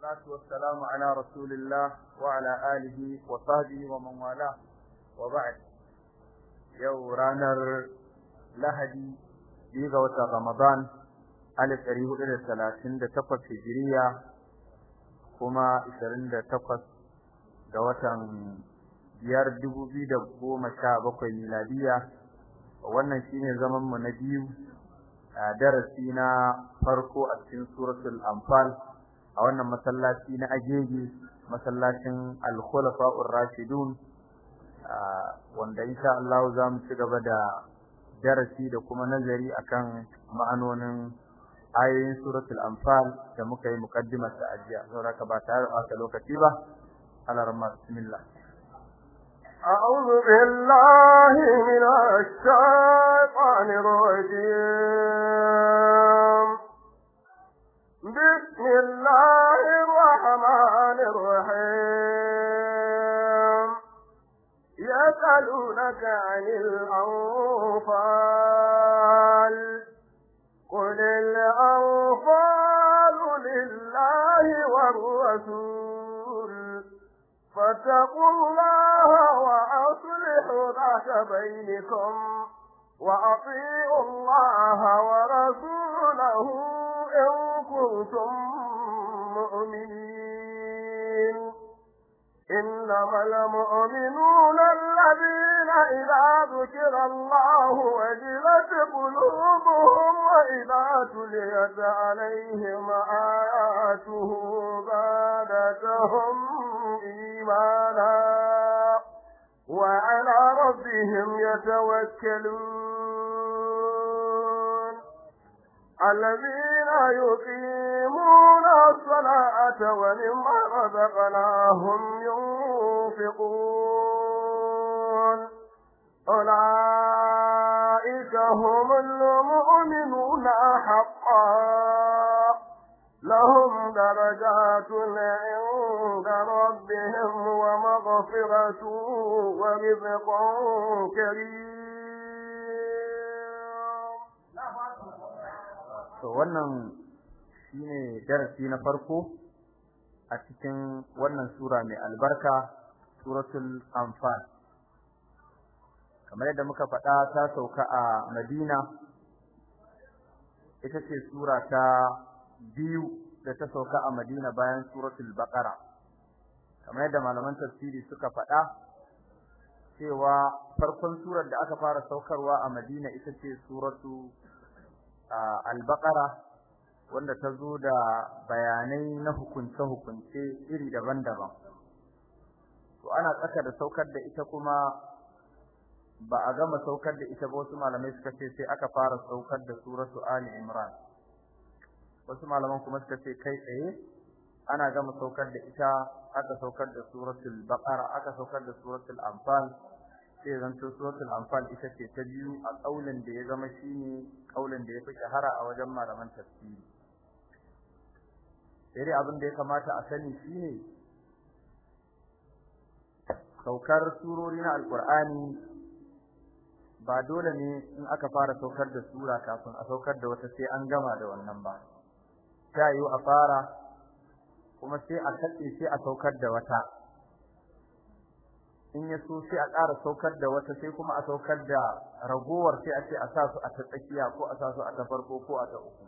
والصلاة والسلام على رسول الله وعلى آله وصحبه ومن والاه وبعد يو رانر لهدي بيغا وتا رمضان على تاريخ 38 هجرية كما 28 ga watan 5 2017 miladiya wannan shine zaman mu na biyu darasi na farko a cikin suratul anfal a wannan masallaci na ajeji masallacin al ar rashidun wanda insha Allah za mu ci gaba da darasi da kuma nazari akan ma'anonin ayoyin suratul anfal da muka yi muqaddimar ta ajiya saboda ka ba tare da lokaci ba ala rahmat bismillah a'udhu billahi minash shaitanir بسم الله الرحمن الرحيم يسألونك عن الأنفال قل الأنفال لله والرسول فاتقوا الله وأصلحوا ذات بينكم وأطيعوا الله ورسوله إن كنتم مؤمنين إنما المؤمنون الذين إذا ذكر الله وجلت قلوبهم وإذا تليت عليهم آياته زادتهم إيمانا وعلى ربهم يتوكلون الذين يقيمون الصلاة ومما رزقناهم ينفقون أولئك هم المؤمنون حقا لهم درجات عند ربهم ومغفرة ورزق كريم to wannan shine darasi na farko a cikin wannan sura mai albarka suratul anfal kamar yadda muka faɗa ta sauka a Madina ita ce sura ta biyu da ta sauka a Madina bayan suratul baqara kamar yadda malaman tafsiri suka faɗa cewa farkon surar da aka fara saukarwa a Madina ita ce suratu al-baqara wanda ta zo da bayanai na hukunce-hukunce iri daban-daban. To ana tsaka da saukar da ita kuma ba a gama saukar da ita ba wasu malamai suka ce sai aka fara saukar da suratu Ali Imran. Wasu malaman kuma suka ce kai tsaye ana gama saukar da ita aka saukar da suratul Baqara aka saukar da suratul Anfal sai zan zanto suratul Anfal ita ce ta biyu a kaulin da ya zama shine kaulin da yafi shahara a wajen malaman tafsiri dare abin da ya kamata a sani shine saukar surori na alqur'ani ba dole ne in aka fara saukar da sura kafin a saukar da wata sai an gama da wannan ba sai a fara kuma sai a katse sai a saukar da wata in ya so sai a ƙara saukar da wata sai kuma a saukar da ragowar sai a ce a sa su a ta tsakiya ko a sa su a ta farko ko a ta uku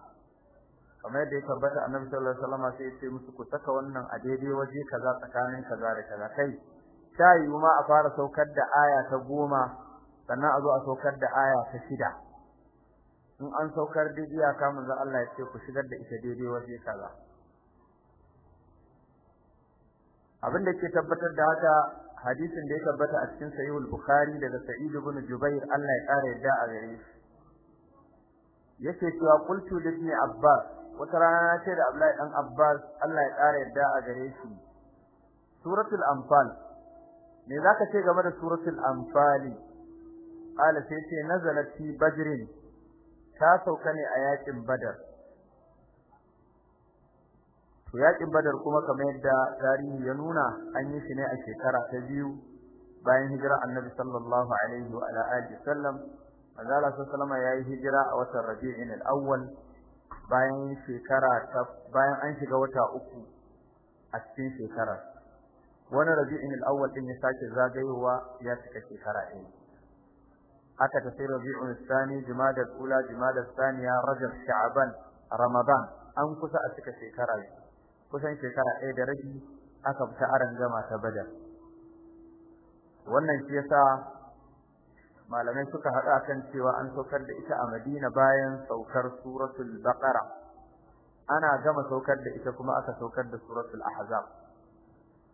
kamar yadda ya tabbata annabi sallallahu alaihi wasallam sai ya ce musu ku saka wannan a daidai waje kaza tsakanin kaza da kaza kai tayi ma a fara saukar da aya ta goma sannan a zo a saukar da aya ta shida in an saukar da iyaka manzo Allah ya ce ku shigar da ita daidai waje kaza abin da ke tabbatar da haka hadisin da ya tabbata a cikin sahihul bukhari daga sa'id ibn jubair Allah ya kare yadda a gare shi yake cewa qultu li ibn abbas wata rana ce da Abdullahi dan abbas Allah ya kare yadda a gare shi suratul anfal me zaka ce game da suratul anfal qala sai ce nazalat fi ta sauka ne a yakin badar to yakin badar kuma kamar yadda tarihi ya nuna an yi shi ne a shekara ta biyu bayan hijira annabi sallallahu alaihi wa ala alihi sallam manzala sallama yayi hijira a watan rabi'in al-awwal bayan shekara ta bayan an shiga wata uku a cikin shekara wannan rabi'in al-awwal din ya sake zagayowa ya cika shekara ɗaya aka tafi rabi'un al-thani jumada al-ula jumada al-thaniya rajab sha'ban ramadan an kusa a cika shekara kusan shekara ɗaya da rabi aka fita aran gama ta badar wannan shi yasa malamai suka haɗa kan cewa an saukar da ita a Madina bayan saukar suratul baqara ana gama saukar da ita kuma aka saukar da suratul ahzab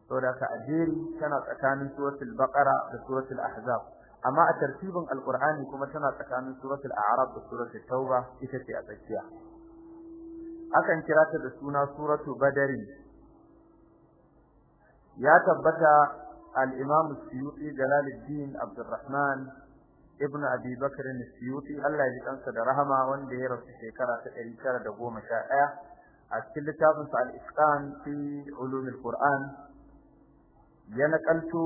saboda ka ajiri tana tsakanin suratul baqara da suratul ahzab amma a tartibin alqur'ani kuma tana tsakanin suratul a'raf da suratul tauba ita ce a tsakiya akan kira ta da suna suratu badari ya tabbata al-imam suyuti jalaluddin abdurrahman ibn abi bakr suyuti Allah ya kansa da rahama wanda ya rasu shekara ta 1911 a cikin littafin sa al-isqan fi ulum al-qur'an ya nakalto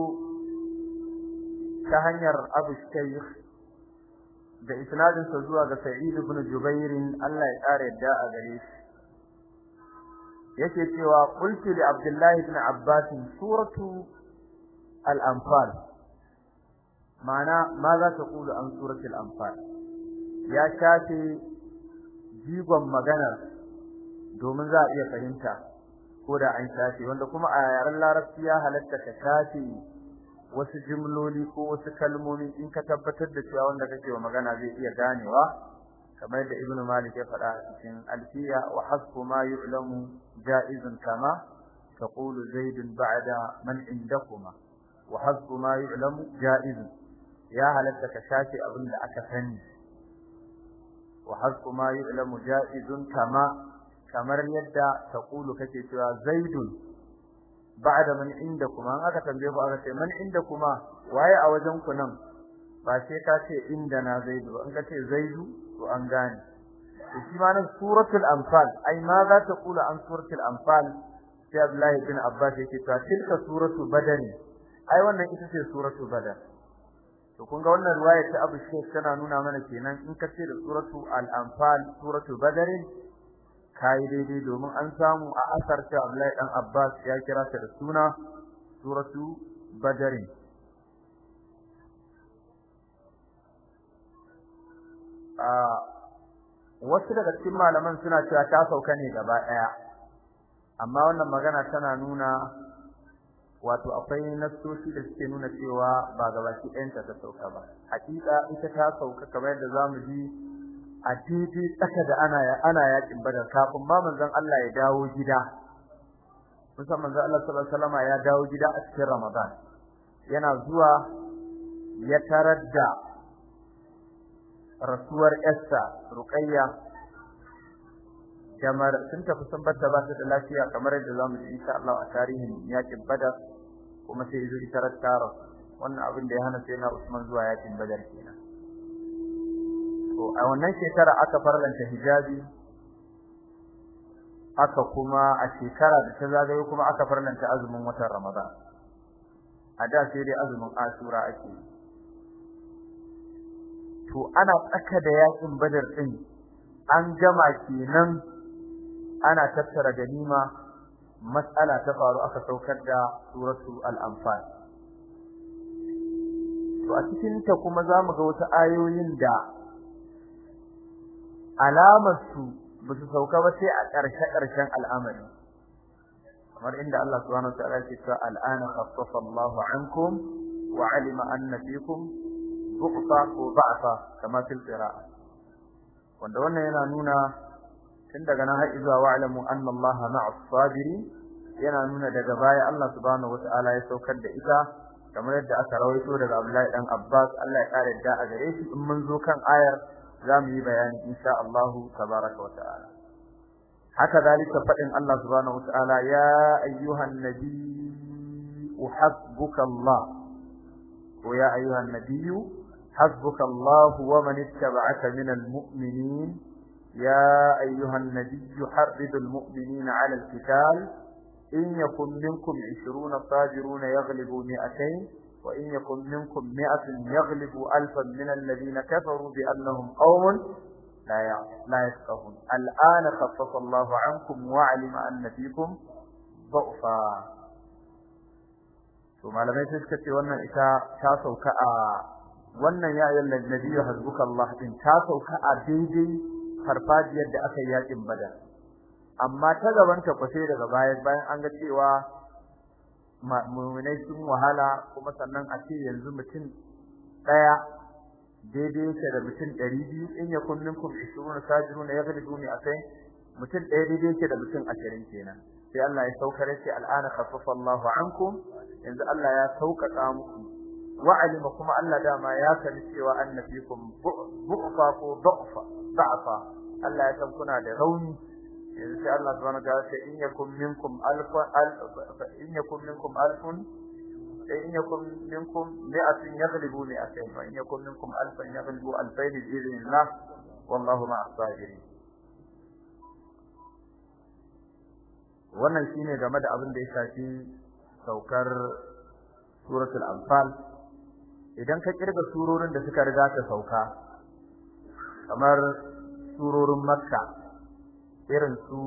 ta hanyar abu shaykh da sa zuwa ga Sa'id ibn Jubair Allah ya kare yadda a gare shi yake cewa qultu li abdullahi ibn abbas suratu al-anfal ma'ana ma za ta kula an suratu al-anfal ya shafe jigon magana domin za a iya fahimta ko da an shafi wanda kuma a yaren larabci ya halatta ka shafi wasu jimloli ko wasu kalmomi in ka tabbatar da cewa wanda kake wa magana zai iya ganewa kamar yadda ibn malik ya faɗa cikin alfiya wa hasbu ma yu'lamu jaizun kama taqulu zaidun ba'da man indakuma wa hasbu ma yu'lamu jaizun ya halatta ka shafe abin da aka kani. wa hasbu ma yu'lamu jaizun kama kamar yadda taqulu kake cewa zaidun ba'da man indakuma aka tambaye ku aka ce man indakuma waye a wajen ku nan ba sai ka ce inda na zaidu in ka ce zaidu to an gane to shi ma nan suratul anfal ai ma za ta kula an suratul anfal sai Abdullahi ibn Abbas yake ta tilka suratul badani ai wannan ita ce suratul badar to kun ga wannan riwaya ta Abu Shaykh tana nuna mana kenan in ka ce da suratul al-anfal suratul badar kai daidai domin an samu a asar ta Abdullahi dan Abbas ya kira ta da suna suratul badar wasu daga cikin malaman suna cewa ta sauka ne gaba daya amma wannan magana tana nuna wato akwai nassoshi da suke nuna cewa ba gabaki ɗayanta ta sauka ba hakika ita ta sauka kamar yadda zamu ji a titi tsaka da ana ya ana yakin badar kafin ma manzon Allah ya dawo gida musa manzon Allah sallallahu alaihi wasallam ya dawo gida a cikin Ramadan yana zuwa ya tarar da rasuwar Esta Ruqayya kamar sun tafi sun batta ba ta da lafiya kamar yadda zamu ji insha Allah a tarihin yakin Badar kuma sai izuri tarattara wannan abin da ya hana sai na Usman zuwa yakin Badar kenan to a wannan shekara aka farlanta hijabi aka kuma a shekara da ta zagaye kuma aka farlanta azumin watan Ramadan a da sai dai azumin Asura ake yi to ana tsaka da yakin badar din an gama kenan ana tattara ganima matsala ta faru aka saukar da suratul al-anfal to a cikin ta kuma zamu ga wasu ayoyin da alamar su ba sauka ba sai a ƙarshe ƙarshen al'amari kamar inda Allah subhanahu wa ta'ala ya ce al'ana khaffafa Allahu ankum wa alima anna fikum buqta ko ba'asa kama fil qira'a wanda wannan yana nuna tun daga nan har zuwa wa'lamu anna Allah yana nuna daga baya Allah subhanahu wata'ala ya saukar da ita kamar yadda aka rawaito daga Abdullahi dan Abbas Allah ya kare da a gare shi in mun zo kan ayar zamu yi bayani insha Allah tabaaraka wata'ala haka zalika faɗin, Allah subhanahu wata'ala ya ayyuhan nabi uhibbuka Allah ko ya ayyuhan nabiyyu حسبك الله ومن اتبعك من المؤمنين يا أيها النبي حرد المؤمنين على القتال إن يكن منكم عشرون صابرون يغلبوا مئتين وإن يكن منكم مئة يغلبوا ألفا من الذين كفروا بأنهم قوم لا لا يفقهون الآن خفف الله عنكم وعلم أن فيكم ضعفا ثم لم يسكت wannan إذا ta كأ wannan ya ayyuhan nabiyyu hasbuka Allah din ta sauka a daidai farfajiyar da aka yi yakin badar amma ta gaban ta kwase daga bayan bayan an ga cewa mu'minai sun wahala kuma sannan a ce yanzu mutum daya daidai yake da mutum 200 in ya yakun minkum 20 sajirun yaghlibuni atay mutum daya daidai yake da mutum 20 kenan sai Allah ya saukar sai al'ana khaffafa Allahu ankum yanzu Allah ya saukaka muku wa kuma Allah dama ya sani cewa annabikum bu'fa ko da'fa da'fa Allah ya san kuna da rauni yanzu sai Allah subhanahu wa ta'ala sai in yakum minkum alfa in yakum minkum alfun in yakum minkum mi'atun yaghlibu mi'atayn fa, in yakum minkum alfan yaghlibu alfayn bi'idhnillah wallahu ma'as sabirin wannan shine game da abin da ya shafi saukar suratul anfal idan ka kirga surorin da suka riga ta sauka kamar surorin makka irin su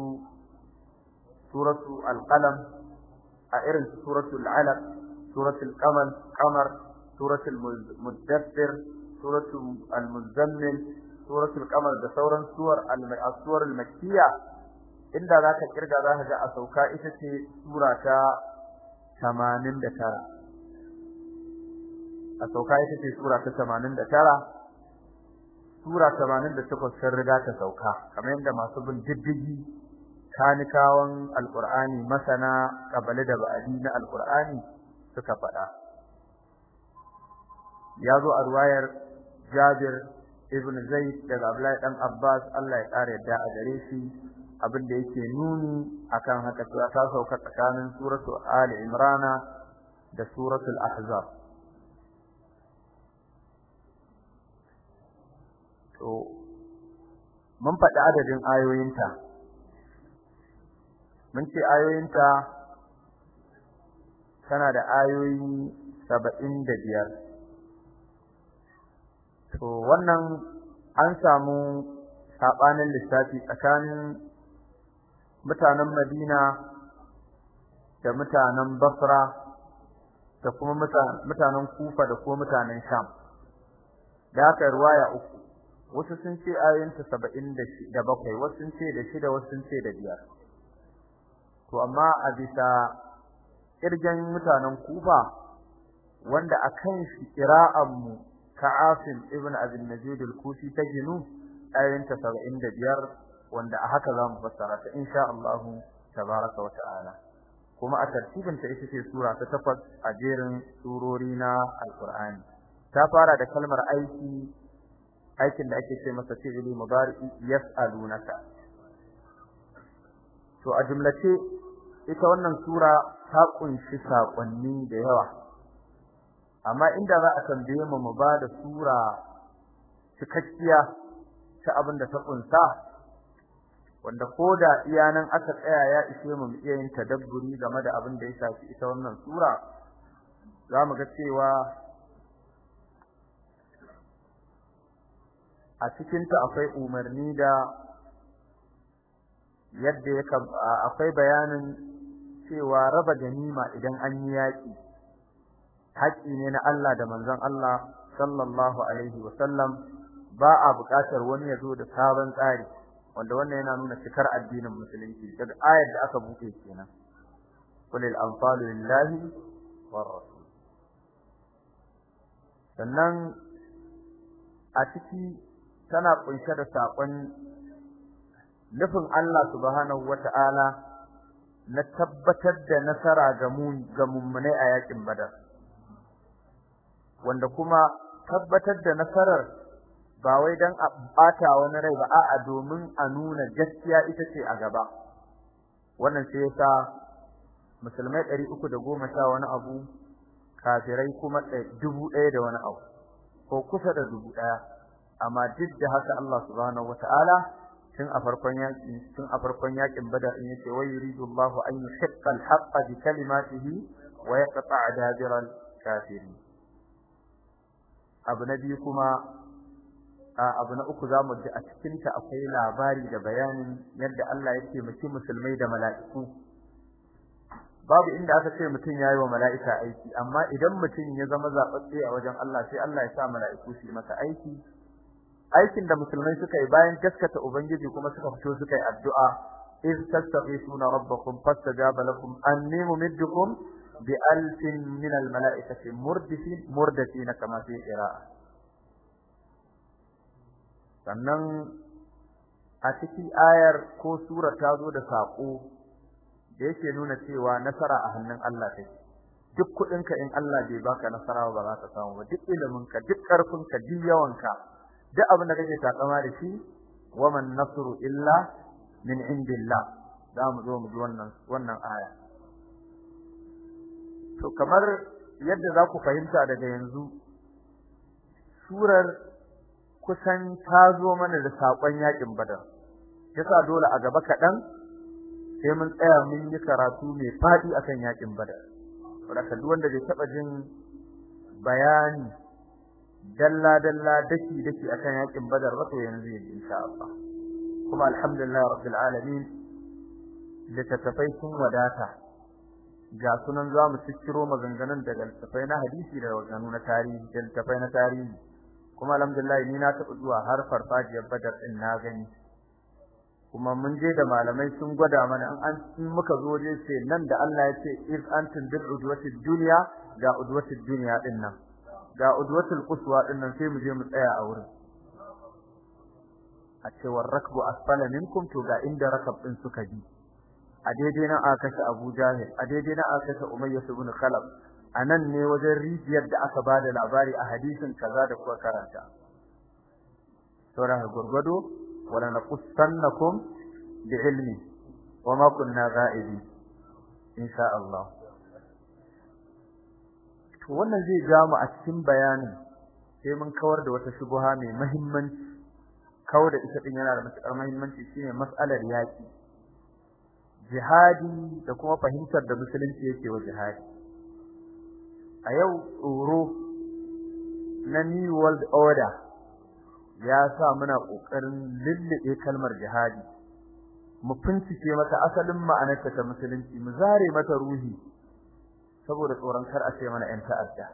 suratu al-qalam a irin su al alaq al qamar qamar al-muddaththir suratu al-muzammil al qamar da sauran suwar al-suwar al makkiya inda zaka kirga zaka ga a sauka ita ce sura ta 89 a sauka ita ce sura ta 89 sura 88 sun riga ta sauka kamar yadda masu bin diddigi kanikawan alqur'ani masana kabale da ba'adi na alqur'ani suka faɗa yazo a ruwayar Jabir ibn Zaid da Abdullahi dan Abbas Allah ya kare da a gare shi abinda yake nuni akan haka ta sauka tsakanin suratu Ali Imran da suratul Ahzab so mun faɗi adadin ayoyinta mun ce ayoyinta tana da ayoyi 75 to wannan an samu sabanin lissafi tsakanin mutanen Madina da mutanen Basra da kuma mutanen Kufa da kuma mutanen Sham da aka ruwaya uku wasu sun ce da 77 wasu sun ce da shida wasu sun ce da biyar to amma a bisa kirgen mutanen Kufa wanda akan shi qira'an mu ka Asim ibn Abi Najid al-Kufi saba'in da biyar. wanda a haka zamu fassara ta insha Allah tabaraka wa ta'ala kuma a tartibin ita ce sura ta 8 a jerin surori na al ta fara da kalmar aiki aikin da ake ce masa fi'li mudari'i yas'alunaka to a jumlace ita wannan sura ta kunshi sakonni da yawa amma inda za a tambaye mu mu ba da sura cikakkiya ta abin da ta kunsa wanda koda iyanan aka tsaya ya ishe mu mu iya yin tadabburi game da abin da ya shafi ita wannan sura za mu ga cewa a cikinta akwai umarni da yadda ya akwai bayanin cewa raba ganima idan an yi yaki haƙi ne na Allah da manzon Allah sallallahu alaihi wasallam ba a buƙatar wani ya zo da sabon tsari wanda wannan yana nuna cikar addinin musulunci daga ayar da aka buke kenan kulil anfalu lillahi war rasul sannan a ciki tana kunshe da sakon nufin Allah subhanahu wata'ala na tabbatar da nasara ga mummunai ga mummune a yakin badar wanda kuma tabbatar da nasarar ba wai dan a bata wani rai ba a'a domin a nuna gaskiya ita ce a gaba wannan sai yasa musulmai 310 wani abu kafirai kuma 1000 da wani abu ko kusa da 1000 amma duk da haka Allah subhanahu wataala tun a farkon yaki tun a farkon yakin badar in yace wa yuridullahu an yuhiqqa alhaqqa a bi kalimatihi wa yaqta'a abu na biyu kuma abu na uku zamu ji a cikin ta akwai labari da bayanin yadda Allah yake miki musulmai da mala'iku babu inda aka ce mutun yayi wa mala'ika aiki amma idan mutun ya zama zabatse a wajen Allah sai Allah ya sa mala'iku su masa aiki aikin da musulmai suka yi bayan gaskata ubangiji kuma suka fito suka yi addu'a iz tastaghithuna rabbakum fastajaba lakum anni mumiddukum bi alfin min al malaikati murdifin murdatina kama fi ira sannan a ciki ayar ko sura ta zo da sako da yake nuna cewa nasara a hannun Allah take duk ka in Allah bai baka nasara ba za ka samu ba duk iliminka duk ka duk ka duk abin da kake takama da shi wa man nasru illa min indillah za mu zo mu ji wannan wannan aya to kamar yadda za ku fahimta daga yanzu surar kusan ta zo mana da sakon yakin badar yasa dole a gaba kadan sai mun tsaya mun yi karatu mai fadi akan yakin badar wanda duk wanda bai taba jin bayani dalla dalla daki daki akan yakin badar wato yanzu insha Allah kuma alhamdulillah rabbil alamin da sun wadata ga sunan zamu cikiro maganganun daga tafai na hadisi da maganganu na tarihi da na tarihi kuma alhamdulillah ni na taɓa zuwa har farfajiyar badar din na gani kuma mun je da malamai sun gwada mana an muka zo je sai nan da Allah ya ce if antum bil udwati dunya ga udwati dunya din nan ga udwatul quswa din sai mu je mu tsaya a wurin a cewar rakbu asfala minkum to ga inda rakab din suka bi a daidai na aka kashe Abu Jahil a daidai nan aka kashe Umayyah ibn Khalaf anan ne wajen rijiyar da aka bada labari a hadisin kaza da kuka karanta sura gurgudu wala naqussannakum bi ilmi ma kunna ghaibin insha Allah to wannan zai ga mu a cikin bayanin sai mun kawar da wata shubha mai muhimmanci kawar da ita din yana da matukar muhimmanci shine mas'alar yaki jihadi da kuma fahimtar da musulunci yake wa jihadi a yau tsoro na new world order ya sa muna kokarin lillibe kalmar jihadi mu fincike mata asalin ma'anarta ta musulunci mu zare mata ruhi saboda tsoron kar a ce mana ƴan ta'adda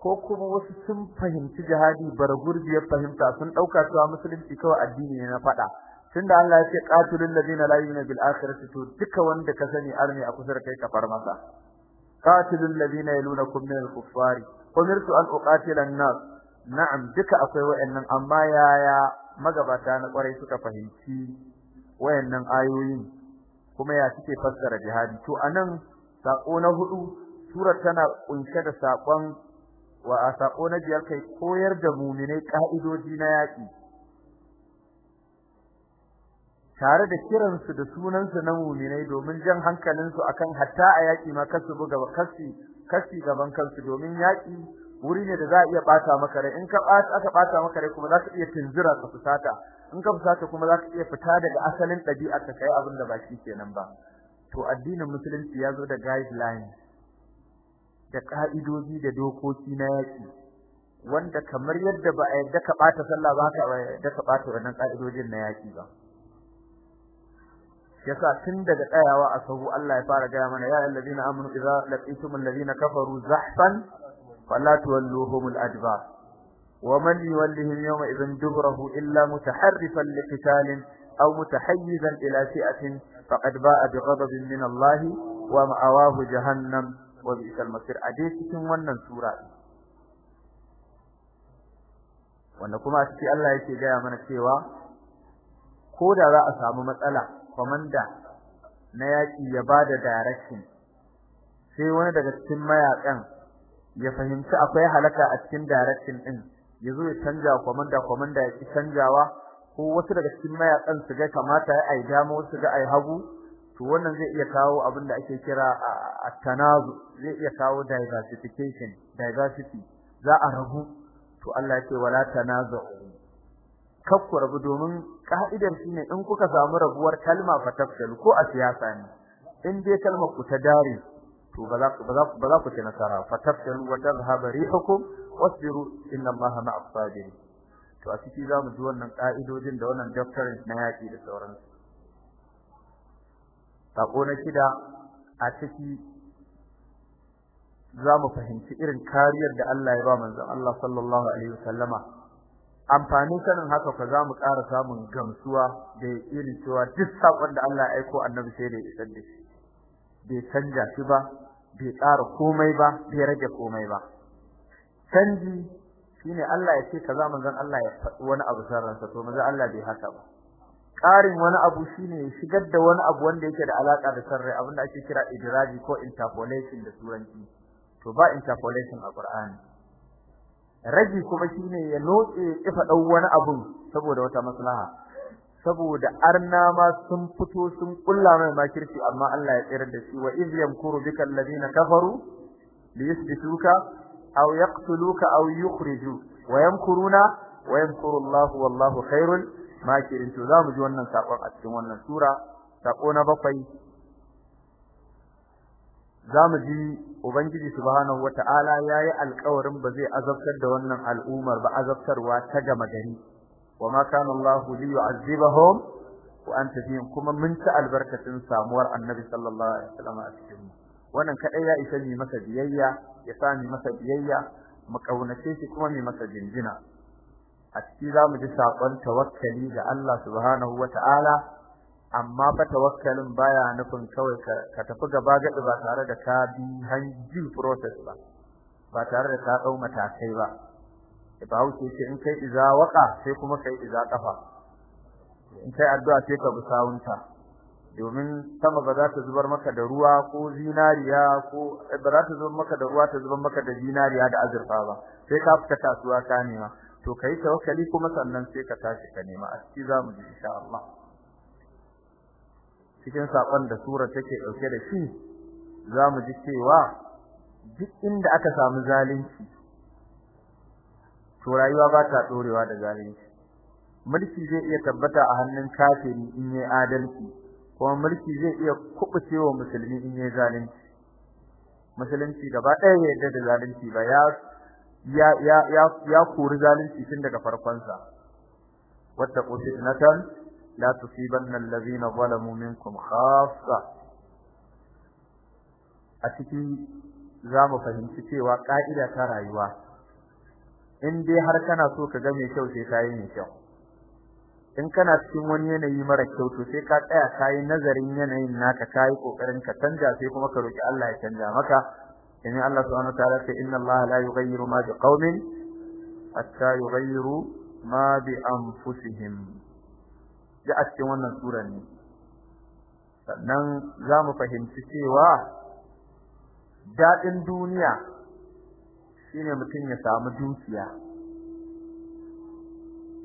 ko kuma wasu sun fahimci jihadi ya fahimta sun ɗauka cewa musulunci kawai addini ne na fada tunda Allah ya ce qatilul ladina la yu'minu bil akhirati to duka wanda ka sani arni a da kai kafar masa qatilul ladina yalunakum min al kuffari umirtu an uqatila an-nas na'am duka akwai wayannan amma yaya magabata na kwarai suka fahimci wayannan ayoyin kuma ya suke fassara jihadi to anan sako na hudu surar tana kunshe da sakon wa a sako na biyar kai koyar da mu'minai ka'idoji na yaki tare da kiransu da sunansu na mu'minai domin jan hankalinsu akan hatta a yaki ma kasu buga kasu kasu gaban kansu domin yaki wuri ne da za a iya bata maka rai in ka bata aka bata maka rai kuma za ka iya tunzura ka fusata in ka fusata kuma za ka iya fita daga asalin dabi'ar ka kai abin da baki kenan ba to addinin musulunci ya zo da guidelines da ka'idoji da dokoki na yaki wanda kamar yadda ba a yadda ka bata sallah ba haka yadda ka bata wannan ka'idojin na yaki ba yasa tun daga tsayawa a sahu Allah ya fara gaya mana ya alladina amanu idza laqitum alladina kafaru zahfan fala tuwalluhum al-adbar ومن يولهم يومئذ دبره إلا متحرفا لقتال ta أو متحيزا إلى فئة فقد باء بغضب من الله ومأواه جهنم وبئس المصير أديت cikin wannan sura wanda kuma shi Allah yake gaya mana cewa ko da za a samu matsala kwamanda na yaƙi ya bada direction sai wani daga cikin mayakan ya fahimci akwai halaka a cikin direction din yazo ya canja komanda komanda ya ki canjawa ko wasu daga cikin mayakan su ga kamata ai dama wasu ga ai hagu to wannan zai iya kawo abin da ake kira at-tanazu zai iya kawo diversification diversity za a ragu to Allah yake wala tanazu kakku rabu domin ka'idar shine in kuka samu rabuwar kalma fa tafsil ko a siyasa ne in dai kalmar ku ta dare to ba za ku ci nasara fa tafsil wa tadhhab rihukum wasbiru inna allaha ma'as sabirin to a ciki za mu ji wannan ƙa'idojin da wannan doctorate na yaƙi da sauransu sako na kida a ciki za mu fahimci irin kariyar da Allah ya ba manzon Allah sallallahu alaihi wasallama amfani sanin haka fa za mu ƙara samun gamsuwa da irin cewa duk sakon da Allah ya aiko annabi sai da isar da shi bai canja shi ba bai ƙara komai ba bai rage komai ba canji shine Allah ya ce kaza manzon Allah ya faɗi wani abu sarransa to manzon Allah bai haka ba ƙarin wani abu shine ya shigar da wani abu wanda yake da alaka da sarrai abinda ake kira idraji ko interpolation da turanci to ba interpolation a Qur'ani raji kuma shine ya lotse ya dau wani abu saboda wata maslaha saboda arna ma sun fito sun kulla mai makirci amma Allah ya tsira da shi wa iz yamkuru bikal ladina kafaru liyusbituka aw yaqtuluka aw yukhriju wa yamkuruna wa yamkuru Allah wallahu khairul makirin to zamu ji wannan sakon a cikin wannan sura sako na bakwai zamu ji ubangiji subhanahu wataala yayi alƙawarin ba zai azabtar da wannan al'ummar ba azabtarwa ta gama gari wama kana Allah liyu'azzibahum wa anta fihim kuma mun ta albarkatin samuwar annabi sallallahu alaihi a cikin wannan kadai ya isa ni masa biyayya ya sami masa biyayya mu kaunace shi kuma mu masa jinjina a ciki zamu ji sakon tawakkali ga Allah subhanahu wataala amma fa tawakkalin baya nufin kawai ka tafi gaba gadi ba tare da ka bi hanjin process ba ba tare da ka dau matakai ba Ibrahim ce in kai iza waka sai kuma kai iza kafa in kai addu'a sai ka bi sawunta domin sama ba za ta zubar maka da ruwa ko zinariya ko ba za ta zubar maka da ruwa ta zubar maka da zinariya da azurfa ba sai ka fita kasuwa ka nema to kai tawakkali kuma sannan sai ka tashi ka nema a cikin zamu ji insha Allah cikin sakon da sura take dauke da shi zamu ji cewa duk inda aka samu zalunci to rayuwa ba ta dorewa da zalunci mulki zai iya tabbata a hannun kafiri in yi adalci kuma mulki zai iya wa musulmi in yayi zalunci musulunci gaba ɗaya bai yarda da zalunci ba ya ya ya ya ya zalunci tun daga farkon sa wattaqu fitnatan la tusibanna allazina zalamu minkum khassa a cikin zamu fahimci cewa ka'ida ta rayuwa in dai har kana so ka ga mai kyau sai kai mai kyau in kana cikin wani yanayi mara kyau to sai ka tsaya kai nazarin yanayin naka kai kokarin ka canja sai kuma ka roki Allah ya canja maka inna Allah subhanahu ta'ala ce inna Allah la yughayyiru ma qaumin hatta yughayyiru ma bi anfusihim da a cikin wannan sura ne sannan za mu fahimci cewa dadin duniya shine mutum ya samu dukiya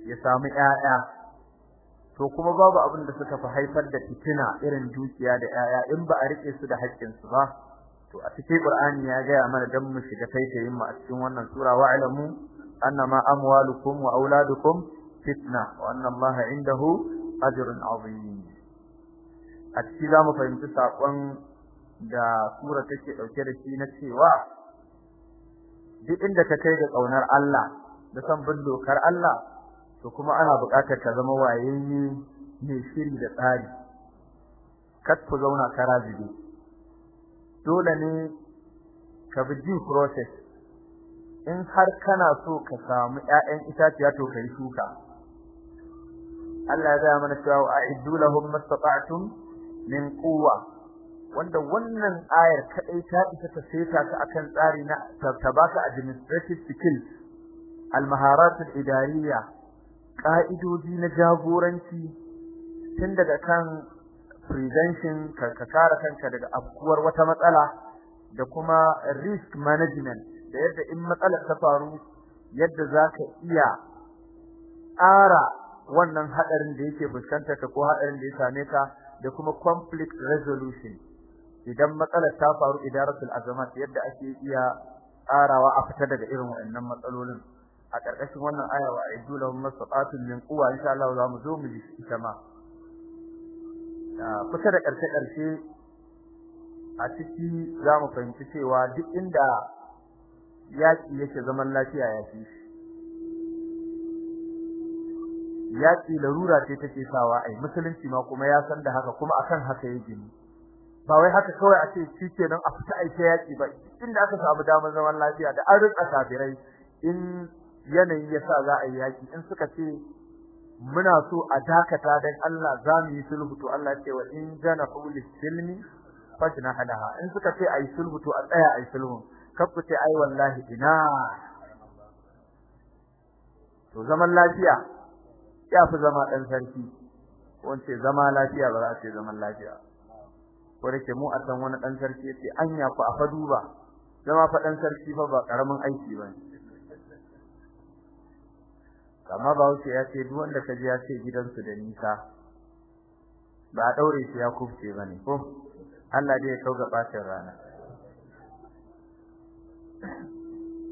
ya samu ƴaƴa to kuma babu abin da suka fi haifar da fitina irin dukiya da yaya in ba a rike su da haƙƙin su ba to a cikin Qur'ani ya ga mana dan mu shiga taitayin mu a cikin wannan sura wa alamu annama amwalukum wa auladukum fitna wa anna Allah indahu ajrun azim a cikin mu fahimci sakon da sura take dauke da shi na cewa duk inda ka kai ga kaunar Allah da san bin dokar Allah to kuma ana buƙatar ka zama wayayye mai shiri da tsari kar ku zauna karajibi dole ne ka bi due process in har kana so ka samu ƴaƴan itaciya to kai shuka Allah ya ga mana cewa a'iddu lahum mastata'tum min quwwa wanda wannan ayar kadai ta isa ta seta ka akan tsari na ta baka administrative skills al-maharat al-idariyah ka'idoji na jagoranci tun daga kan prevention ka kare kanka daga afkuwar wata matsala da kuma risk management da yadda in matsala ta faru yadda zaka iya ara wannan hadarin da yake fuskantar ka ko hadarin da ya same ka da kuma conflict resolution idan matsala ta faru idaratul azamat yadda ake iya arawa a fita daga irin wannan matsalolin a ƙarƙashin wannan aya wa aidu lahum masaqatun min quwa insha Allah za mu zo mu ji ita ma kusa da ƙarshe ƙarshe a ciki za mu fahimci cewa duk inda yaƙi yake zaman lafiya ya fi yaƙi larura ce take sawa ai musulunci ma kuma ya san da haka kuma akan haka ya gini ba wai haka kawai a ce nan a fita aike yaki ba inda aka samu damar zaman lafiya da an rika in yanayi sa za a yi yaki in suka ce muna so a dakata dan Allah za mu yi sulhu to Allah ce wa in jana qul silmi fajna halaha in suka ce ai sulhu to a tsaya ai sulhu kafu ce ai wallahi ina to zaman lafiya ya fi zama dan sarki wance zama lafiya ba za a ce zaman lafiya ko da ke mu a san wani dan sarki yace anya ku a fa duba zama fa dan sarki fa ba karamin aiki bane amma bawuce ya ce duk wanda kaje ya ce gidansu da nisa ba a daure shi ya kufce bane ko Allah dai ya kauga bacin rana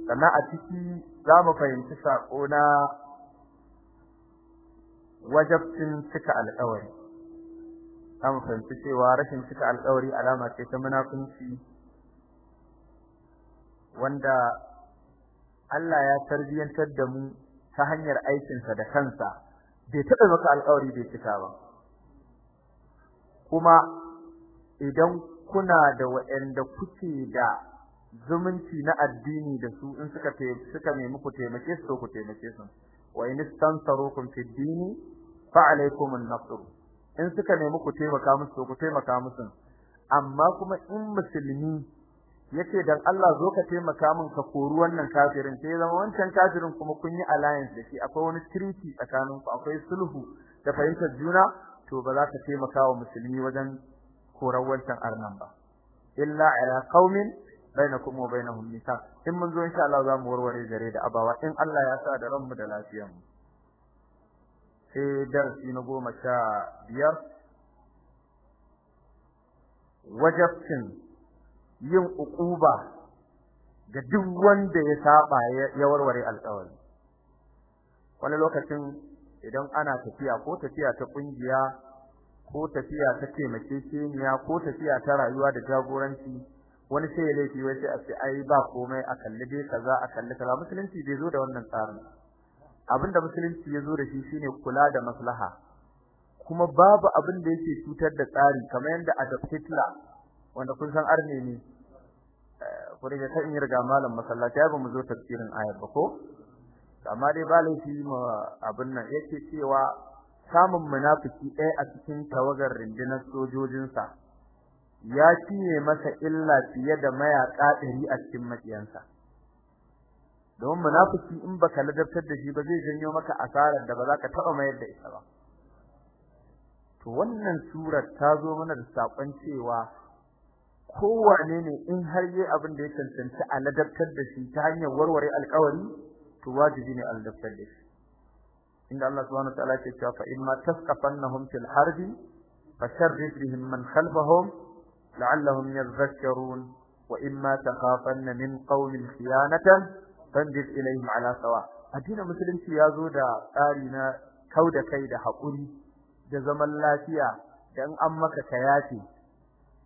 sannan a ciki za mu fahimci sako na wajabcin cika alƙawari za mu fahimci cewa rashin cika alƙawari alama ce ta munafunci wanda Allah ya tarbiyantar da mu ta hanyar aikinsa da kansa bai taɓa maka alƙawari bai cika ba kuma idan kuna da waɗanda kuke da zumunci na addini da su in suka suka nemi ku taimake su ku taimake su wa in istansarukum fi dini fa alaykum an-nasr in suka nemi ku taimaka musu ku taimaka musu amma kuma in musulmi yace dan Allah zo ka taimaka min ka kori wannan kafirin sai zama wancan kafirin kuma kun yi alliance da shi akwai wani treaty tsakanin ku akwai sulhu da fahimtar juna to ba za ka taimaka wa musulmi wajen korar wancan arnan ba illa ala qaumin bainakum wa bainahum mithaq in mun zo insha Allah za mu warware gare da abawa in Allah ya sa da ranmu da mu sai darasi na goma sha biyar wajabtin yin uquba ga duk wanda ya saba ya warware alƙawari wani lokacin idan ana tafiya ko tafiya ta kungiya ko tafiya ta taimakekeniya ko tafiya ta rayuwa da jagoranci wani sai ya laifi wai sai a ce ai ba komai a kalli dai kaza a kalli kaza musulunci bai zo da wannan tsarin abinda musulunci ya zo da shi shine kula da maslaha kuma babu abin da yake cutar da tsari kamar yadda Adolf Hitler wanda kun san arne ne eh, ko da ta in riga malam masallaci ba mu zo tafsirin ayat ba ko amma dai ba lai shi abin nan yake cewa samun munafiki ɗaya a cikin tawagar sojojin sojojinsa ya cinye masa illa fiye da mayaƙa ɗari a cikin makiyansa don munafiki in baka ladabtar da shi ba zai janyo maka asarar da ba za ka taɓa mayar da ita ba to wannan surar ta zo mana da sakon cewa kowane ne in har yayi abin da ya cancanta a ladabtar da shi ta hanyar warware alkawari to wajibi ne a ladabtar da shi inda Allah subhanahu wataala ke cewa fa imma tasqafannahum fil harbi fasharrid bihim man khalfahum la'allahum yadhakkarun wa imma takhafanna min qawmin khiyanatan fanzil ilayhim ala sawa addinin musulunci ya zo da tsari na kauda kai da haƙuri da zaman lafiya dan an maka kayafi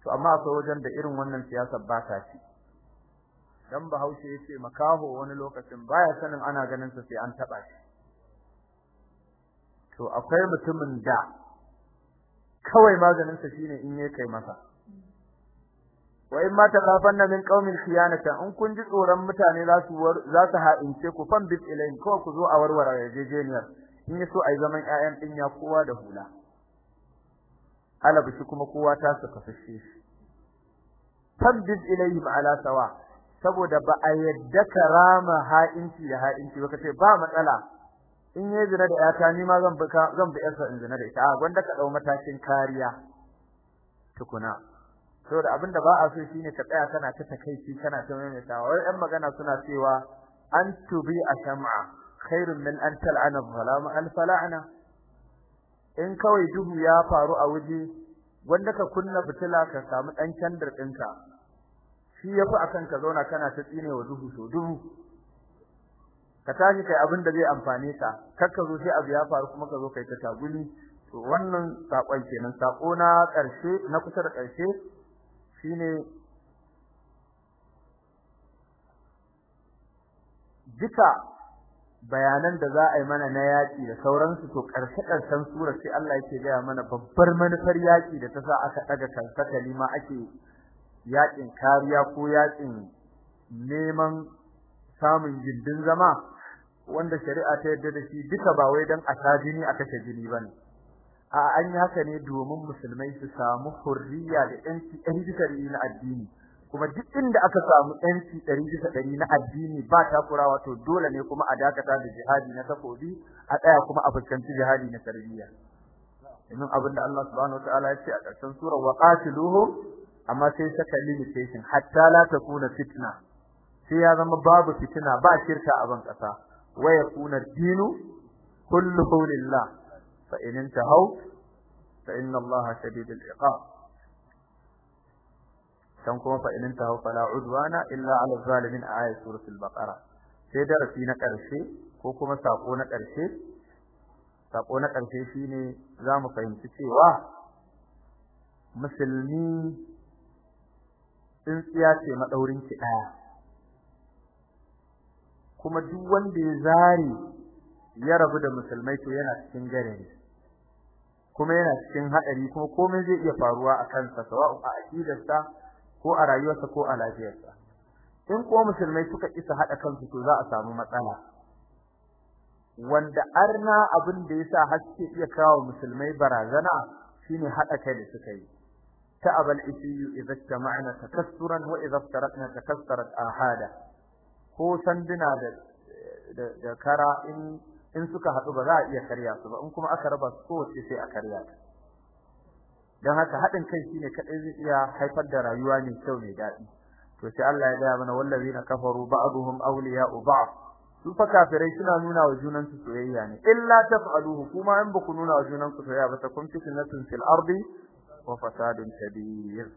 to amma akwai wajen da irin wannan siyasar ba ta ci dan bahaushe yace makaho wani lokacin baya sanin ana ganin sa sai an taba shi to akwai mutumin da kawai maganin sa shine in yake kai masa wa in ma taqafanna min qaumil khiyanata in kun ji tsoron mutane za su za su ha'ince ku fan bis ilayhi ko ku zo a warware jejeniyar in yaso ai zaman ƴaƴan ɗinya kowa da hula alabashi kuma kowa ta saka fashe shi tabbid ilayhim ala sawa saboda ba a yadda karama ha'inci da ha'inci ba kace ba matsala in yayi zina da yata ni ma zan buka zan bi yarsa in zina da ita a gwanda ka dau matakin kariya tukuna saboda abinda ba a so shine ka tsaya kana ta takeici kana ta maimaitawa wai ɗan magana suna cewa an bi a khairun min an tal'ana zalama al fala'na in kawai duhu ya faru a waje wanda ka kunna fitila ka samu dan candar ɗinka shi yafi akan ka zauna kana ta tsine wa duhu so duhu ka tashi kai abin da zai amfane ka kar ka zo sai abu ya faru kuma ka zo kai ta taguni. to wannan sakon kenan sako na karshe na kusa da karshe shine duka bayanan da za a yi mana na yaki da sauransu to karshe karshen sura sai Allah yake ga mana babbar manufar yaki da ta sa aka daga kansa kalima ake yakin kariya ko yakin neman samun gindin zama wanda shari'a ta yarda da shi duka ba wai dan a jini a kashe jini bane a an yi haka ne domin musulmai su samu hurriya da yanci yan jikari na addini kuma duk inda aka samu yanci 100% na addini ba ta takurawa to dole ne kuma a dakata da jihadi na takobi a tsaya kuma a fuskanci jihadi na tarbiyya idan abinda Allah subhanahu wataala ya ce a ƙarshen sura wa qatiluhum amma sai saka limitation hatta la kuna fitna sai ya zama babu fitina ba shirka a ban kasa waya kuna dinu kulluhu lillah fa in intahu fa inna Allah shadidul iqab dan kuma fa in tahu fala udwana illa ala zalimin ayat suratul baqara sai darasi na karshe ko kuma sako na karshe sako na karshe shine zamu fahimci cewa musulmi tsintsiya ce madaurin ki daya kuma duk wanda ya zari ya rabu da musulmai to yana cikin garari kuma yana cikin hadari kuma komai zai iya faruwa a kansa sawa'un a aqidarsa ko a rayuwarsa ko a lafiyarsa in ko musulmai suka isa hada kansu to za a samu matsala wanda arna abin da yasa haske iya kawo musulmai barazana shine hada kai da suka yi ta'ab al-isiyu idza jama'na takassuran wa idza tarakna takassarat ahada ko sanduna da da kara in in suka hadu ba za a iya karya su ba in kuma aka raba su kowace sai a karya dan haka haɗin kai shine kadai zai iya haifar da rayuwa mai kyau mai daɗi to sai Allah ya gaya mana wallazina kafaru ba'dhum awliya'u ba'd su fa kafirai suna nuna wa junan su soyayya ne illa taf'aluhu kuma in ba ku nuna wa junan ku soyayya ba ta kun fitnatun fil ardi wa fasadun kabir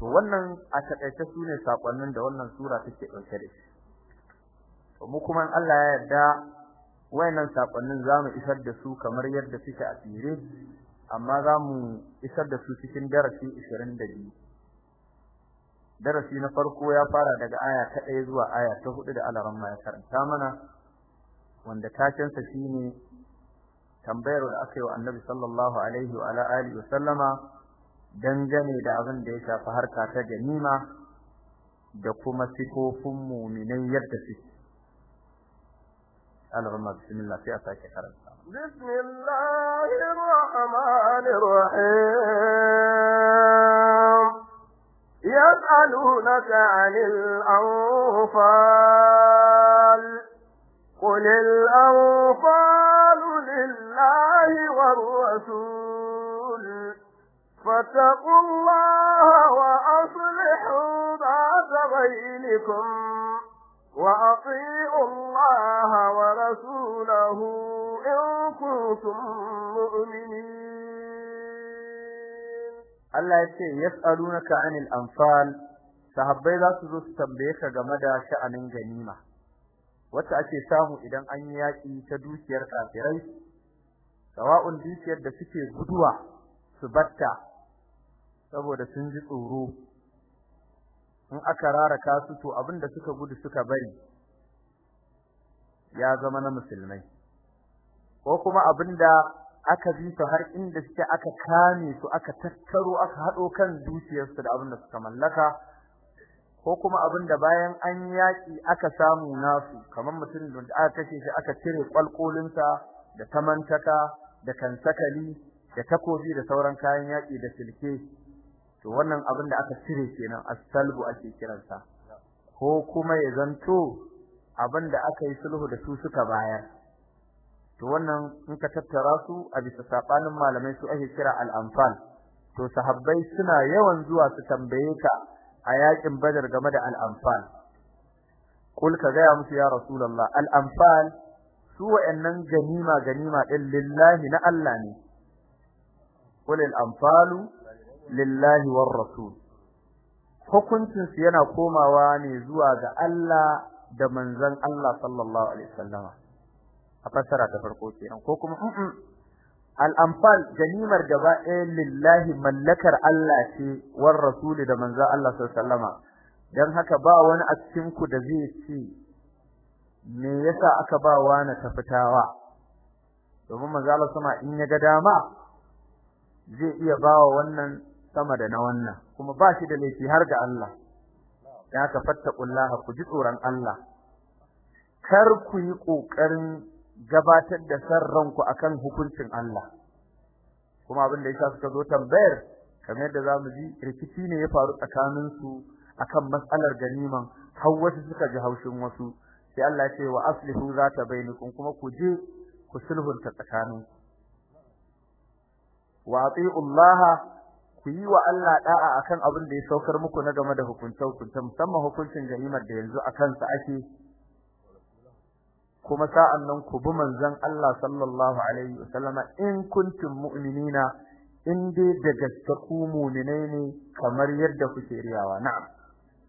to wannan a takaice sune sakonnin da wannan sura take dauke da shi to mu kuma in Allah ya yarda wayannan sakonnin zamu isar da su kamar yadda suke a tsire amma za mu isar da su cikin darasi 22 darasi na farko ya fara daga aya ta 1 zuwa aya ta 4 da alaramma ya karanta mana wanda takensa shine tambayar da aka yi wa Annabi sallallahu alaihi wa ala alihi wa sallama dangane da abin da ya shafi harka ta ganima da kuma sifofin mu'minai yadda suke alaramma bismillah sai a sake karanta بسم الله الرحمن الرحيم يسألونك عن الأنفال قل الأنفال لله والرسول فاتقوا الله وأصلحوا بعد بينكم وأطيعوا الله ورسوله Allah ya مؤمنين الله يتي يسألونك عن الأنفال sahabbai za su zo su tambaye ka game da sha'anin ganima wata ake samu idan an yi yaƙi ta dukiyar kafirai sawa'un dukiyar da suke guduwa su batta saboda sun ji tsoro in aka raraka su to da suka gudu suka bari ya zama na musulmai ko kuma abinda aka bi su har inda suke aka kame su aka tattaro aka hado kan dukiyarsu da abinda suka mallaka ko kuma abinda bayan an yaki aka samu nasu kamar mutum da aka kace shi aka cire kwalkolinsa da tamantaka da kansakali da takobi da sauran kayan yaki da silke to wannan abin aka cire kenan as-salbu ake kiransa ko kuma ya zanto abin da aka yi sulhu da su suka bayar to wannan in ka tattara su a bisa sabanin malamai su ake kira al-anfal to sahabbai suna yawan zuwa su tambaye ka a yakin badar game da al-anfal kul ka ga musu ya rasulullah al-anfal su wa'annan ganima ganima din lillahi na Allah ne kul al lillahi war rasul hukuncin yana komawa ne zuwa ga Allah da manzon Allah sallallahu alaihi wasallama a fassara ta farko kenan ko kuma al-anfal ganimar gaba ɗaya lillahi mallakar Allah ce war rasuli da manzo Allah sallallahu alaihi wasallama dan haka ba wani a cikin ku da zai ce me yasa aka ba wani tafitawa domin manzo Allah sama in ya ga dama zai iya bawa wannan sama da na wannan kuma ba shi da laifi har ga Allah ya ka kullaha ku ji tsoron Allah kar ku yi kokarin gabatar da san ranku akan hukuncin Allah kuma abin da yasa suka zo tambayar kamar yadda zamu ji rikici ne ya faru tsakanin su akan matsalar ganiman har wasu suka ji haushin wasu sai Allah ya ce wa aslihu zata bainakum kuma ku je ku sulhunta tsakaninku wa ati'u ku yi wa Allah da'a akan abin da ya saukar muku na game da hukunce hukunce musamman hukuncin ganimar da yanzu akan sa ake kuma sa'an nan ku bi manzon Allah sallallahu alaihi wasallama in kuntum mu'minina in dai da gaske ku mu'minai ne kamar yadda kuke riyawa na'am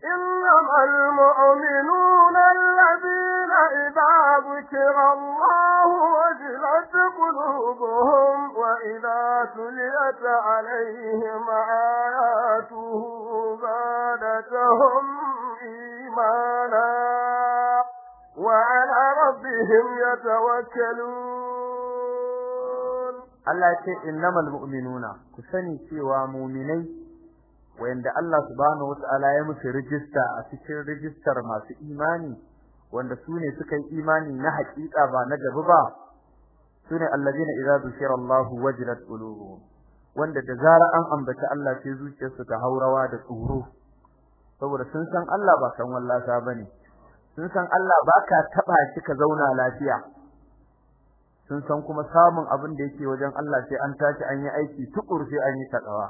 innamal mu'minuna alladhina idza dhukira Allah wajilat qulubuhum wa idza tuliyat alaihim ayatuhu zadatuhum imanan وعلى ربهم يتوكلون الله يقول إنما المؤمنون cewa muminai, مؤمني wanda Allah subhanahu wataala ya musu register a cikin register masu imani wanda sune suka yi imani na hakika ba na gabu ba sune allazina idza dhukira Allahu wajilat qulubuhum wanda da zara an ambaci Allah sai zuciyarsu ta haurawa da tsoro saboda sun san Allah ba san wallahi bane sun san Allah baka taba shi ka zauna lafiya sun san kuma samun abin da yake wajen Allah sai an tashi an yi aiki tukur sai an yi takawa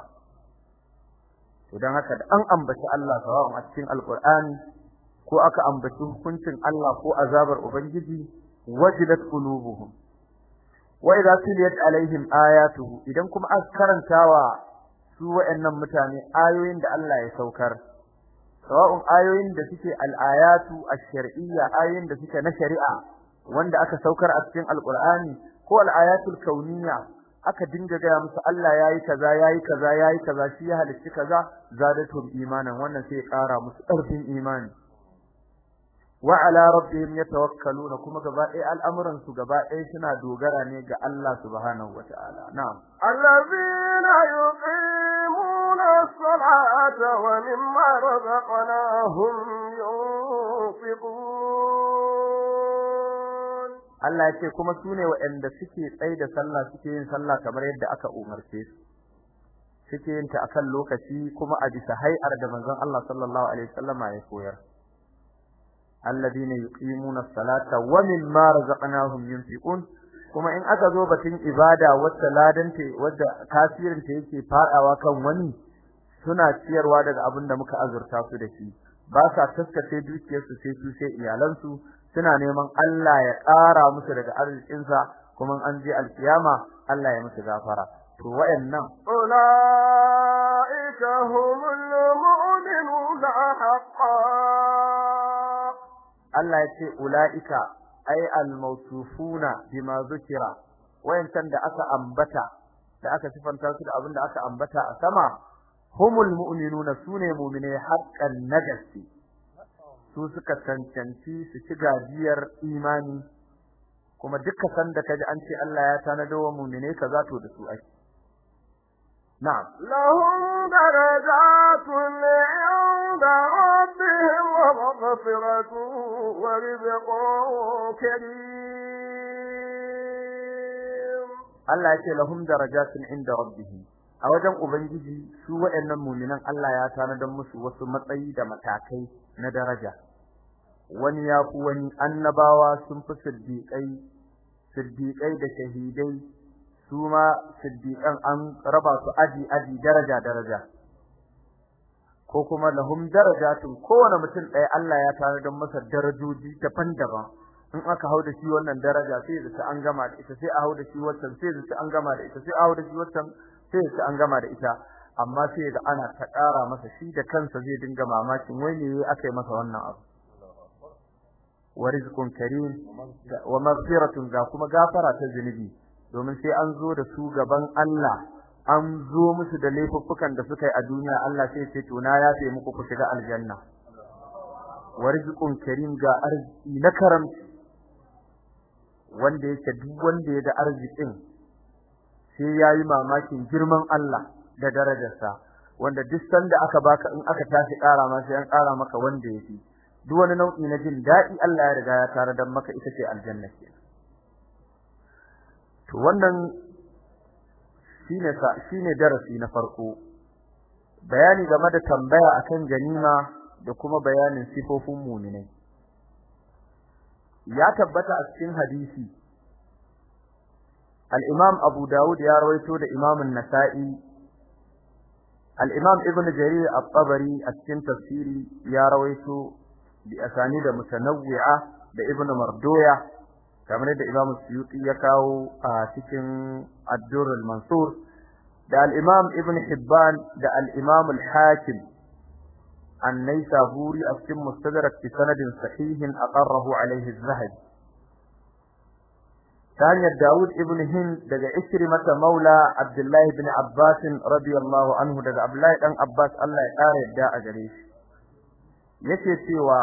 to dan haka da an ambaci Allah sawa a cikin alqur'ani ko aka ambaci hukuncin Allah ko azabar ubangiji wajidat qulubuhum wa idza tuliyat alaihim ayatuhu idan kuma aka karantawa su wayannan mutane ayoyin da Allah ya saukar sawa'un ayoyin da suke al'ayatu a ash-shar'iyya ayoyin da suke na shari'a wanda aka saukar a cikin al ko al'ayatun kauniyya aka dinga ga musu Allah yayi kaza yayi kaza yayi kaza shi ya halicci kaza zadatul imanan wannan sai ya kara musu ƙarfin imani wa ala rabbihim yatawakkaluna kuma gaba ɗaya al'amuran su gaba ɗaya suna dogara ne ga Allah subhanahu wataala na'am allazina yuqimu ويقيمون الصلاة ومما رزقناهم ينفقون Allah ya ce kuma su ne waɗanda suke tsaye da sallah suke yin sallah kamar yadda aka umarce su suke yin ta akan lokaci kuma a bisa hay'ar da manzon Allah sallallahu alaihi wasallama ya koyar alladine yuqimuna as-salata kuma in aka zo batun ibada wacce ladanta wadda tasirin ta yake fadawa kan wani suna ciyarwa daga abin da muka azurta su da shi ba sa taskace dukiyarsu sai su sai iyalansu suna neman Allah ya ƙara musu daga arzikinsa kuma an je alkiyama Allah ya musu gafara to wayannan ulaika humul mu'minuna haqqan Allah ya ce ulaika ay almawsufuna bima zikra wayantan da aka ambata da aka sifanta su da abin da aka ambata a sama humul mu'minuna sune mu'minai haqqan najasi su suka cancanci su ci gajiyar imani kuma duka sanda kaji an ce Allah ya tanada wa mu'minai kaza to da su ake na'am lahum darajatun 'inda rabbihim wa maghfiratun wa rizqun Allah ya ce lahum darajatun 'inda rabbihim a wajen ubangiji su waɗannan mu'minan Allah ya tanadar musu wasu matsayi da matakai na daraja wani ya ku wani annabawa sun fi siddiqai siddiqai da shahidai su ma siddiqan an raba su aji aji daraja daraja ko kuma lahum darajatun kowane mutum ɗaya Allah ya tanadar masa darajoji daban-daban in aka hau da shi wannan daraja sai da an gama da ita sai a hau shi wannan sai da an gama da ita sai a hau shi wannan sai ya an gama da ita amma sai ga ana ta ƙara masa shi da kansa zai dinga mamakin wai ne aka masa wannan abu wa rizqun karim wa maghfiratun ga kuma gafara ta zunubi domin sai an zo da su gaban Allah an zo musu da laifuffukan da suka yi a duniya Allah sai ce tuna ya yafe muku ku shiga aljanna wa rizqun karim ga arziki na karamci wanda yake duk wanda ya da arzikin sai yayi mamakin girman Allah da darajarsa wanda duk sanda aka baka in aka tashi ƙara ma sai an ƙara maka wanda yake duk wani nau'i na jin daɗi Allah ya riga ya tare da maka ita ce aljanna ke to wannan shine sa shine darasi na farko bayani game da tambaya akan ganima da kuma bayanin sifofin mu'minai ya tabbata a cikin hadisi الإمام أبو داود يرويته الإمام النسائي الإمام ابن جرير الطبري السن تفسيري يا يرويته بأسانيد متنوعة بابن مردوية كمان ندى إمام السيوطي يكاو سكن آه، الدور المنصور دا الإمام ابن حبان دا الإمام الحاكم النيسابوري السن مستدرك بسند صحيح أقره عليه الزهد ta hanyar Dawud ibn Hind daga Ikrimah Maula Abdullah ibn Abbas radiyallahu anhu daga Abdullahi dan Abbas Allah ya kare yadda a gare shi yake cewa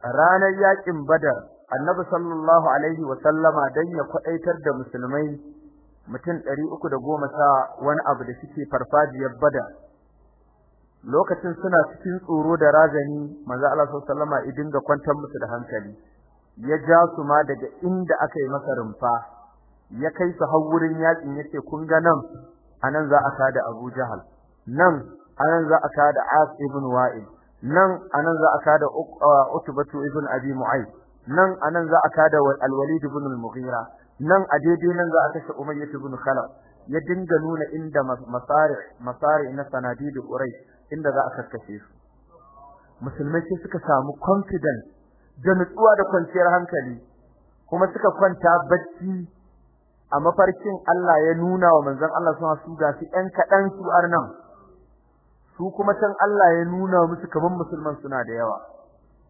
ranar yakin Badar Annabi sallallahu alaihi wa sallama dan ya kwadaitar da musulmai mutum 310 sa wani abu da suke farfajiyar Badar lokacin suna cikin tsoro da razani manzo Allah sallallahu alaihi wa sallama idin kwantar musu da hankali ya ja su ma daga inda aka yi masa rumfa ya kai su har wurin yakin yace kun ga nan anan za a kada Abu Jahal nan anan za a kada As ibn Wa'il nan anan za a kada uh, Utbatu ibn Abi Mu'ayth nan anan za a kada Al-Walid ibn Al-Mughira nan a daidai nan za a kashe Umayyah ibn Khalaf ya dinga nuna inda masari masari na sanadidu Quraysh inda za a kashe su musulmai sai suka samu confidence da nutsuwa da kwanciyar hankali kuma suka kwanta bacci a mafarkin Allah ya nuna wa manzon Allah sun su ga su ɗan kaɗan su arnan su kuma can Allah ya nuna musu kaman musulman suna da yawa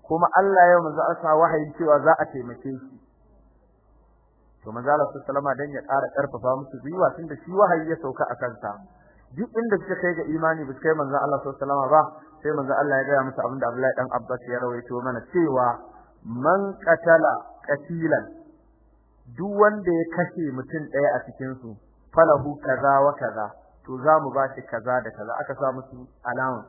kuma Allah ya manzo asa wahayin cewa za a taimake shi to manzo Allah sallama dan ya ƙara ƙarfafa musu gwiwa tunda shi wahayi ya sauka a kanta duk inda suka kai ga imani ba kai manzo Allah sallama ba sai manzo Allah ya ga musu abinda Abdullahi dan Abbas ya rawaito mana cewa man qatala qatilan duk wanda ya kashe mutum ɗaya a cikin su falahu kaza wa kaza to za mu bashi kaza da kaza aka sa musu alama.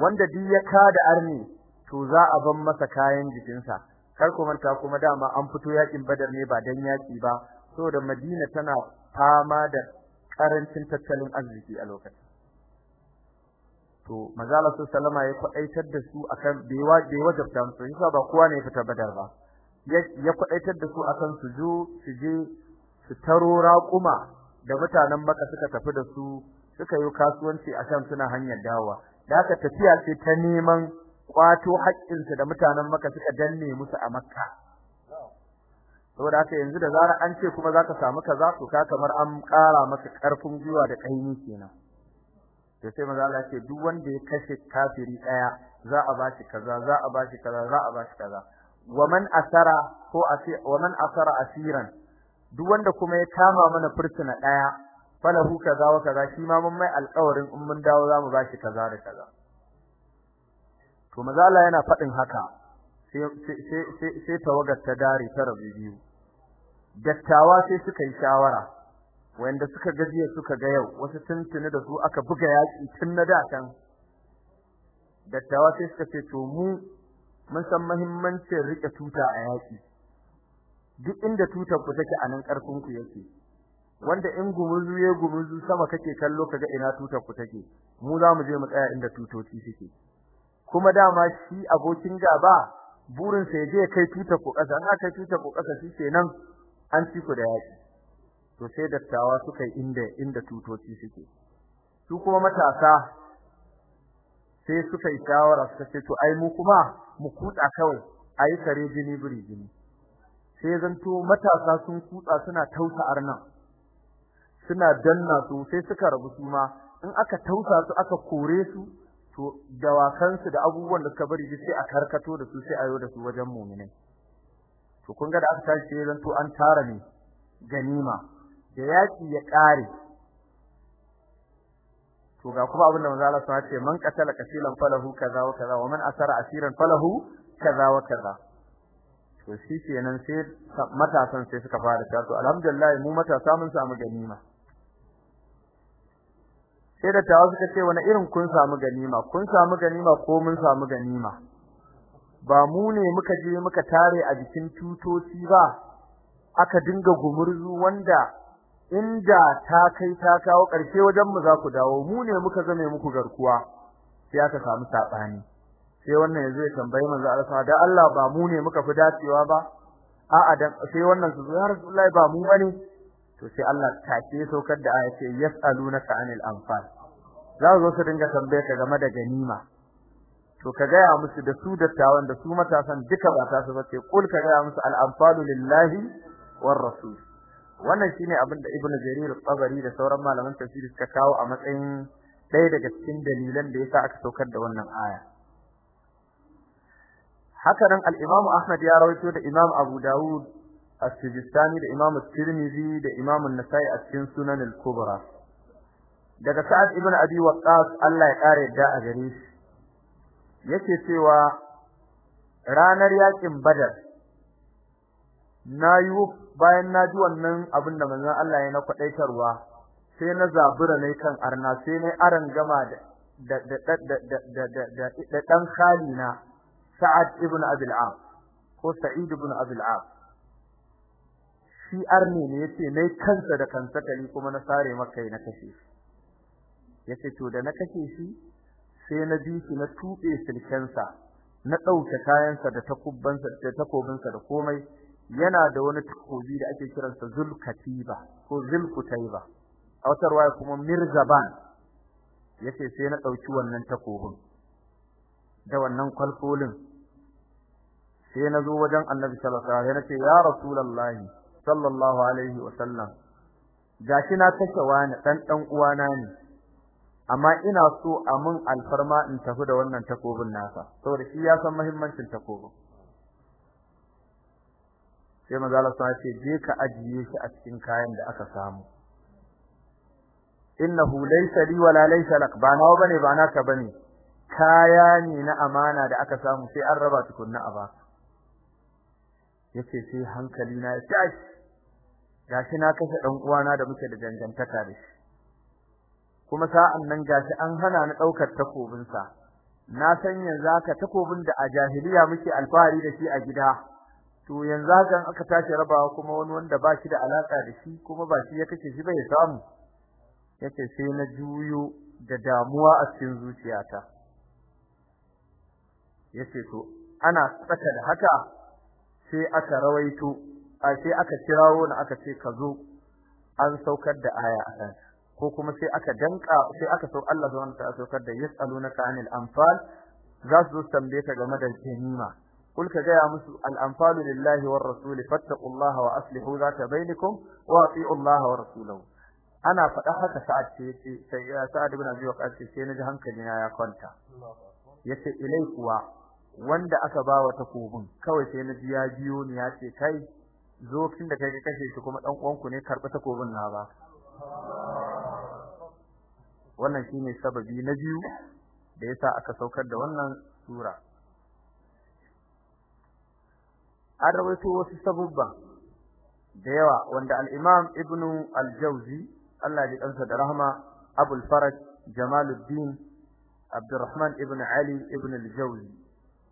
wanda duk ya kada arni to za a ban masa kayan jikinsa kar ku manta kuma dama an fito yakin badar ne ba dan yaki ba saboda madina tana fama da karancin tattalin arziki a lokacin to su sallama ya kwaitar da su akan bai wajabta musu yasa ba kowa ne ya fita badar ba ya kwaɗaitar da su akan su ju su taro raƙuma da mutanen maka suka tafi da su suka yi kasuwanci a kan suna hanyar dawowa da aka tafiya ce ta neman kwato haƙƙinsu da mutanen maka suka danne musu a makka saboda haka yanzu da zara an ce kuma zaka samu kaza to ka kamar an ƙara maka ƙarfin gwiwa da ƙaimi kenan to sai maza Allah ce duk wanda ya kashe kafiri daya za a bashi kaza za a bashi kaza za a bashi kaza waman asara ko asi waman asara asiran duk wanda kuma ya kama mana fursuna daya falahu kaza wa kaza shi ma mun mai alƙawarin in mun dawo za mu bashi kaza da kaza to maza Allah yana fadin haka sai sai sai tawagar ta dare ta rabi biyu dattawa sai suka yi shawara wanda suka gajiya suka ga yau wasu tuntuni da su aka buga yaki tun na da kan dattawa sai suka ce to mu mun san muhimmancin rike tuta a yaki duk inda tutar ku take anan karfin ku yake wanda in gumuzu ya gumuzu sama kake kallo kaga ina tutar ku take mu za mu je mu tsaya inda tutoci suke kuma dama shi abokin gaba burin sa je kai tutar ku kasa na kai tutar ku kasa kenan an ci ku da yaki to sai dattawa suka yi inda inda tutoci suke su kuma matasa sai suka yi shawara suka ce to ai mu kuma mu kuta kawai ai sare jini buri jini sai zanto matasa sun kuta suna tausa arna suna danna su sai suka rabu su ma in aka tausa su aka kore su to wakan su da abubuwan da suka bari sai a karkato da su sai ayo da su wajen mu'minai to kun ga da aka tashi sai zanto an tara ne ganima da yaki ya kare to ga kuma abin da manzo Allah ya ce man qatala qasilan falahu kaza wa kaza wa man asara asiran falahu kaza wa kaza to shi kenan sai matasan sai suka fara cewa to alhamdulillah mu matasa mun samu ganima sai da tawa suka ce wani irin kun samu ganima kun samu ganima ko mun samu ganima ba mu ne muka je muka tare a jikin tutoci ba aka dinga gumurzu wanda inda ta kai ta kawo ƙarshe wajen mu za ku dawo mu ne muka zame muku garkuwa sai aka samu sabani sai wannan yazo ya tambayi manzo Allah da Allah ba mu ne muka fi dacewa ba a'a dan sai wannan su ya Rasulullahi ba mu bane to sai Allah ta take saukar da aya ce yas'alunaka anil anfal za su zo su dinga tambaye ka game da ganima to ka gaya musu da su dattawan da su matasan duka ba ta su bace kul ka gaya musu al anfalu lillahi war rasul wannan shine abin da Ibn Jarir al-Tabari da sauran malaman tafsiri suka kawo a matsayin ɗaya daga cikin dalilan da yasa aka saukar da wannan aya haka nan al-Imam Ahmad ya rawaito da Imam Abu Dawud as-Sijistani da Imam Tirmidhi da Imam An-Nasa'i a cikin Sunan al-Kubra daga Sa'ad ibn Abi Waqqas Allah ya kare da a gare shi yake cewa ranar yakin Badar na yi bayan na ji wannan abin da manzon Allah ya na kwadaitarwa sai na zabura ne kan arna sai na aran gama da da da da da da da dan na Sa'ad ibn abul ko Sa'id ibn abul shi arne ne yace nayi kansa da kansa kali kuma na sare maka na kashe shi yace to da na kashe shi sai na bi shi na tube silkensa na dauke kayansa da sa da takobinsa da komai yana da wani takobi da ake kiransa zulkatiba ko zulkutaiba a wata ruwaya kuma mirzaban yace sai na ɗauki wannan takobin da wannan kwalfolin sai na zo wajen Annabi sallallahu alaihi wasallam ce ya rasulullahi sallallahu alaihi wasallam gashi na kashe wani dan dan uwana ne amma ina so a mun alfarma in tafi da wannan takobin nasa saboda shi ya san muhimmancin takobin sai manzo Allah sai ce je ka ajiye shi a cikin kayan da aka samu innahu laysa li wala laysa lak ba nawa bane ba naka bane kaya ne na amana da aka samu sai an raba tukunna a aba yace sai hankali na ya tashi gashi na kashe dan uwana da muke da dangantaka da shi kuma sa'an nan gashi an hana ni daukar takobin sa na san yanzu haka takobin da a jahiliya muke alfahari da shi a gida to yanzu hakan aka tashi rabawa kuma wani wanda ba shi da alaka da shi kuma ba shi ya kace shi bai samu yake sai na juyo da damuwa a cikin zuciyata yace to ana tsaka da haka sai aka rawaito a sai aka kirawo na aka ce ka zo an saukar da aya a kan ko kuma sai aka danka sai aka sau Allah subhanahu ta ta'ala saukar da yasalunaka anil anfal za su tambaye ka game da jinima قل كجاء مسو الأنفال لله والرسول فاتقوا الله وأصلحوا ذات بينكم وأطيعوا الله ورسوله أنا فتحت سعد سعد بن أبي وقال سينا جهنك لنا يا كنت yace ilai kuwa wanda aka bawa takobin kawai sai na ji ya jiyo ni ya ce kai zo kin da kai kashe shi kuma ɗan uwanku ne karba takobin na wannan shine sababi na biyu da yasa aka saukar da wannan sura an rawaito wasu sabubba da yawa wanda al-Imam al-Jawzi Allah ya kansa da rahma Abu al-Faraj Jamaluddin Abdurrahman Ali ibnu al-Jawzi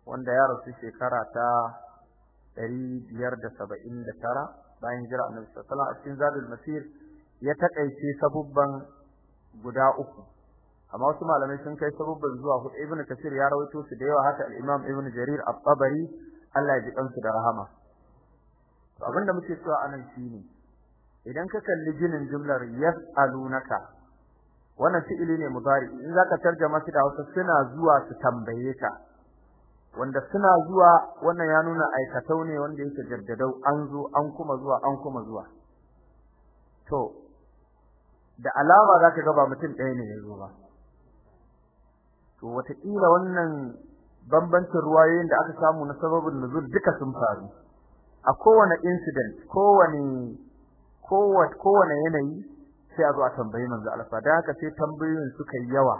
wanda ya rasu shekara ta 579 bayan jira annabi sallallahu alaihi wasallam cikin masir ya takaice sabubban guda uku amma wasu malamai sun kai sabubban zuwa hudu ibnu kasir ya rawaito su da yawa haka al-imam ibnu jarir at-tabari Allah ya ji kansu da rahama to abinda muke a anan shine idan ka kalli ginin jumlar yasalunaka wannan fi'ili ne mudari in zaka tarjama shi da Hausa suna zuwa su tambaye ka wanda suna zuwa wannan ya nuna aikatau ne wanda yake jaddadau an zo an kuma zuwa an kuma zuwa to da alama zaka ga ba mutum ɗaya ne ya zo ba to wataƙila wannan bambancin ruwayoyin da aka samu na sababin nuzul duka sun faru a kowane incident kowane kowace kowane yanayi sai a zo a tambayi manzo alfa da haka sai tambayoyin suka yawa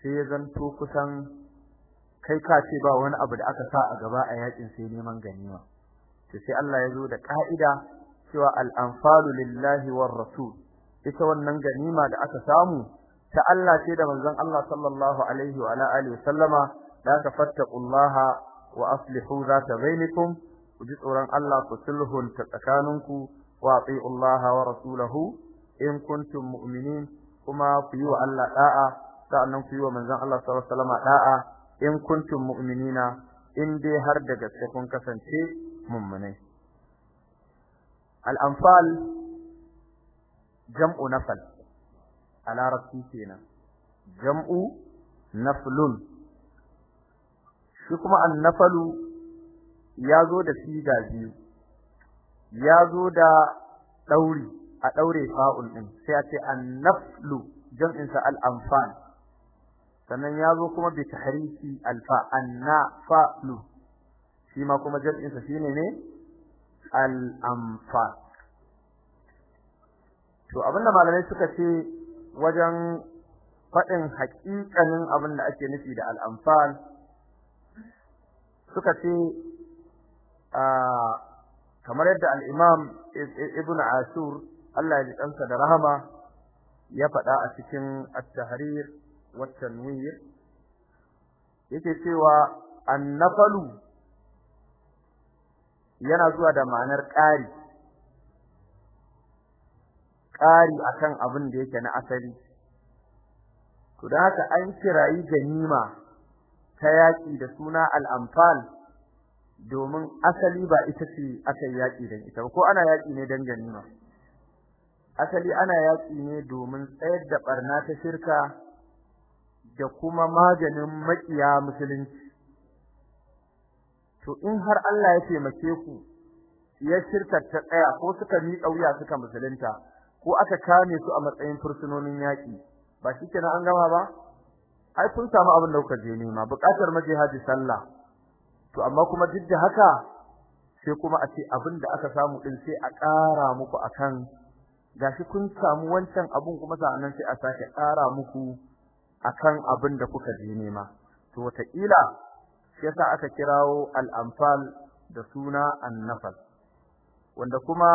sai ya zanto kusan kai ka ce ba wani abu da aka sa a gaba a yakin sai neman ganima to sai Allah ya zo da kaida cewa al-anfalu lillahi war rasul ita wannan ganima da aka samu ta Allah ce da manzon Allah sallallahu alaihi wa alihi wa sallama da ka fattaqullaha wa aslihu zata bainakum ku ji tsoron Allah ku sulhun tsakaninku wa atiullaha wa rasulahu in kuntum mu'minin kuma ku yi wa Allah da'a sa'annan ku yi wa manzon Allah sallallahu alaihi wasallam da'a in kuntum mu'minina in dai har da gaske kun kasance mummunai al-anfal jam'u nafal a larabci kenan jam'u naflun shi kuma annafalu ya zo da siga biyu ya zo da dauri a daure fa'ul din sai a ce annaflu jam'in sa al-anfan sannan ya zo kuma bi tahrisi alfa annafalu shi ma kuma jam'in sa shine ne al-anfan to abinda malamai suka ce wajen fadin abin abinda ake nufi da al-anfan suka ce kamar yadda al'imam imam Ibn Ashur Allah ya ji kansa da rahama ya faɗa a cikin at-tahrir wa tanwir yake cewa annafalu yana zuwa da ma'anar ƙari ƙari akan abin da yake na asali to da haka an kirayi ganima ta yaki da suna al-anfal domin asali ba ita ce aka yaki da ita ko ana yaki ne dan ganima asali ana yaki ne domin tsayar da barna ta shirka da kuma maganin maƙiya musulunci to in har Allah ya taimake ku ya shirka ta tsaya ko suka mi kauya suka musulunta ko aka kame su a matsayin fursunonin yaƙi, ba shi kenan an gama ba ai kun samu abin da kuka je nema bukatar majihadi sallah to amma kuma duk da haka sai kuma a ce abin da aka samu din sai a ƙara muku akan gashi kun samu wancan abun kuma sa'annan sai a sake ƙara muku akan abin da kuka je nema to wataƙila shi yasa aka kirawo al-anfal da suna an-nafal wanda kuma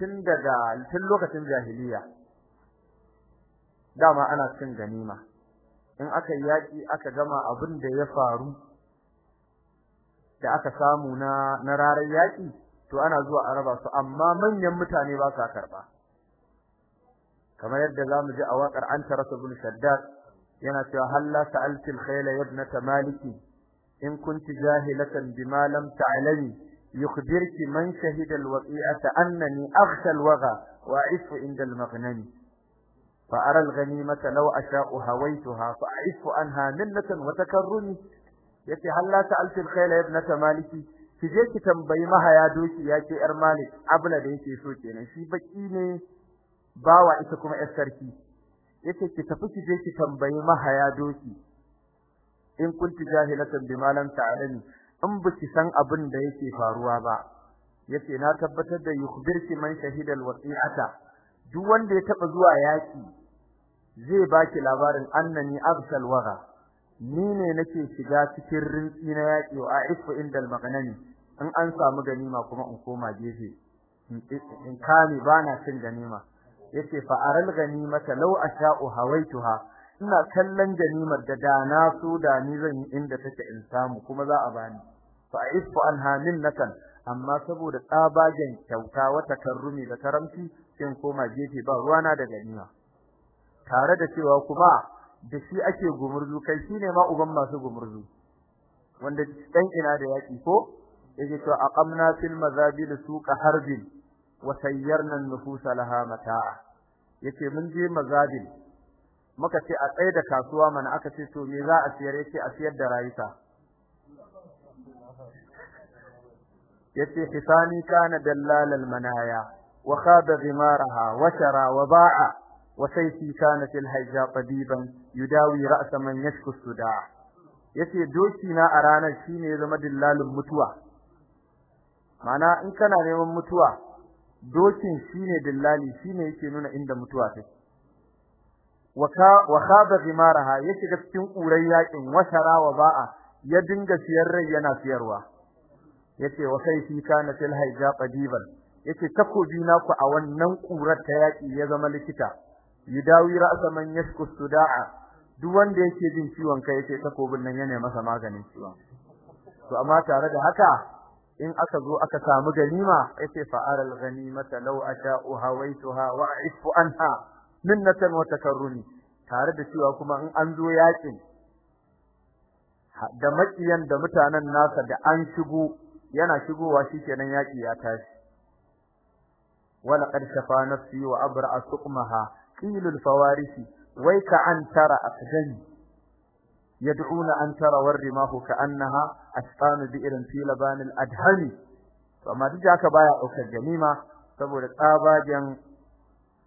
tun daga tun lokacin jahiliya dama ana cin ganima in aka yaki aka gama abin da ya faru da aka samu na na rarar yaki to ana zuwa a raba su amma manyan mutane ba sa karba kamar yadda zamu ji a waƙar an tarasa bin shaddad yana cewa halla sa'altil khayla ibnata maliki in kunti jahilatan bima lam ta'lami yukhbirki man shahida alwaqi'ata annani aghsha alwaga wa a'ifu inda almaghnami gani a فأرى الغنيمة لو أشاء هويتها فأعف عنها منة وتكرمي yace halla sa'altu al-khayla ibnata maliki Ki je ki tambayi mahaya doki yace yar malik abla da yake so kenan shi baki ne bawa ita kuma yar sarki yace ki tafi kije ki tambayi mahaya doki in kunti jahilatan bima lam ta'lami in biki san abin da yake faruwa ba yace na tabbatar da yukhbirki man shahida al-wasi'ata duk wanda ya taba zuwa yaki zai baki labarin annani afsal waga ni ne nake shiga cikin rinki na yaki wa aifu indal maganani in an samu ganima kuma in koma gefe in kame bana cin ganima yace fa aral ganimata law asha'u hawaituha ina kallon ganimar da da na so da ni zan yi inda take in samu kuma za a bani fa aifu anha minnatan amma saboda tsabagen kyauta wata karrumi da karamci cikin koma gefe ba ruwa na da ganima tare da cewa kuma da shi ake gumurzu kai shine ma uban masu gumurzu wanda dan ina da yaki ko yake to aqamna fil mazabil suqa harbin wa sayyarna an-nufusa laha mata'a yake mun je mazabil muka ce a tsaye da kasuwa mana aka ce to me za a siyar yake a siyar da rayuka yake hisani kana dallal al-manaya وخاب غمارها وشرى وباع وسيفي كان في الهجاء طبيبا يداوي رأس من يشكو الصداع yace doki na a ranar shine ya zama dillalin mutuwa mana in kana neman mutuwa dokin shine dillali shine yake nuna inda mutuwa take waka wa khaba gimaraha ya shiga cikin kurai yakin washara wa ba'a ya dinga siyar rai yana siyarwa yace wa kaifi kana fil hijab qadiban yace takobi ku a wannan kurar ta yaki ya zama likita yidawi ra'sa man yashku sudaa duk wanda yake jin ciwon kai yake takobin nan yana masa maganin ciwon to amma tare da haka in aka zo aka samu ganima yake fa'ar al-ghanimata law asha'u hawaituha wa a'ifu anha minnatan wa takarruni tare da cewa kuma in an zo yakin da makiyan da mutanen nasa da an shigo yana shigowa shikenan yaki ya tashi ولقد شفى نفسي وأبرأ سقمها قيل الفوارس ويك أن ترى أقدني يدعون أن ترى والرماه كأنها أشقان بئر في لبان الأدهم فما تجاك بايا أوك الجميمة تبولت آباجا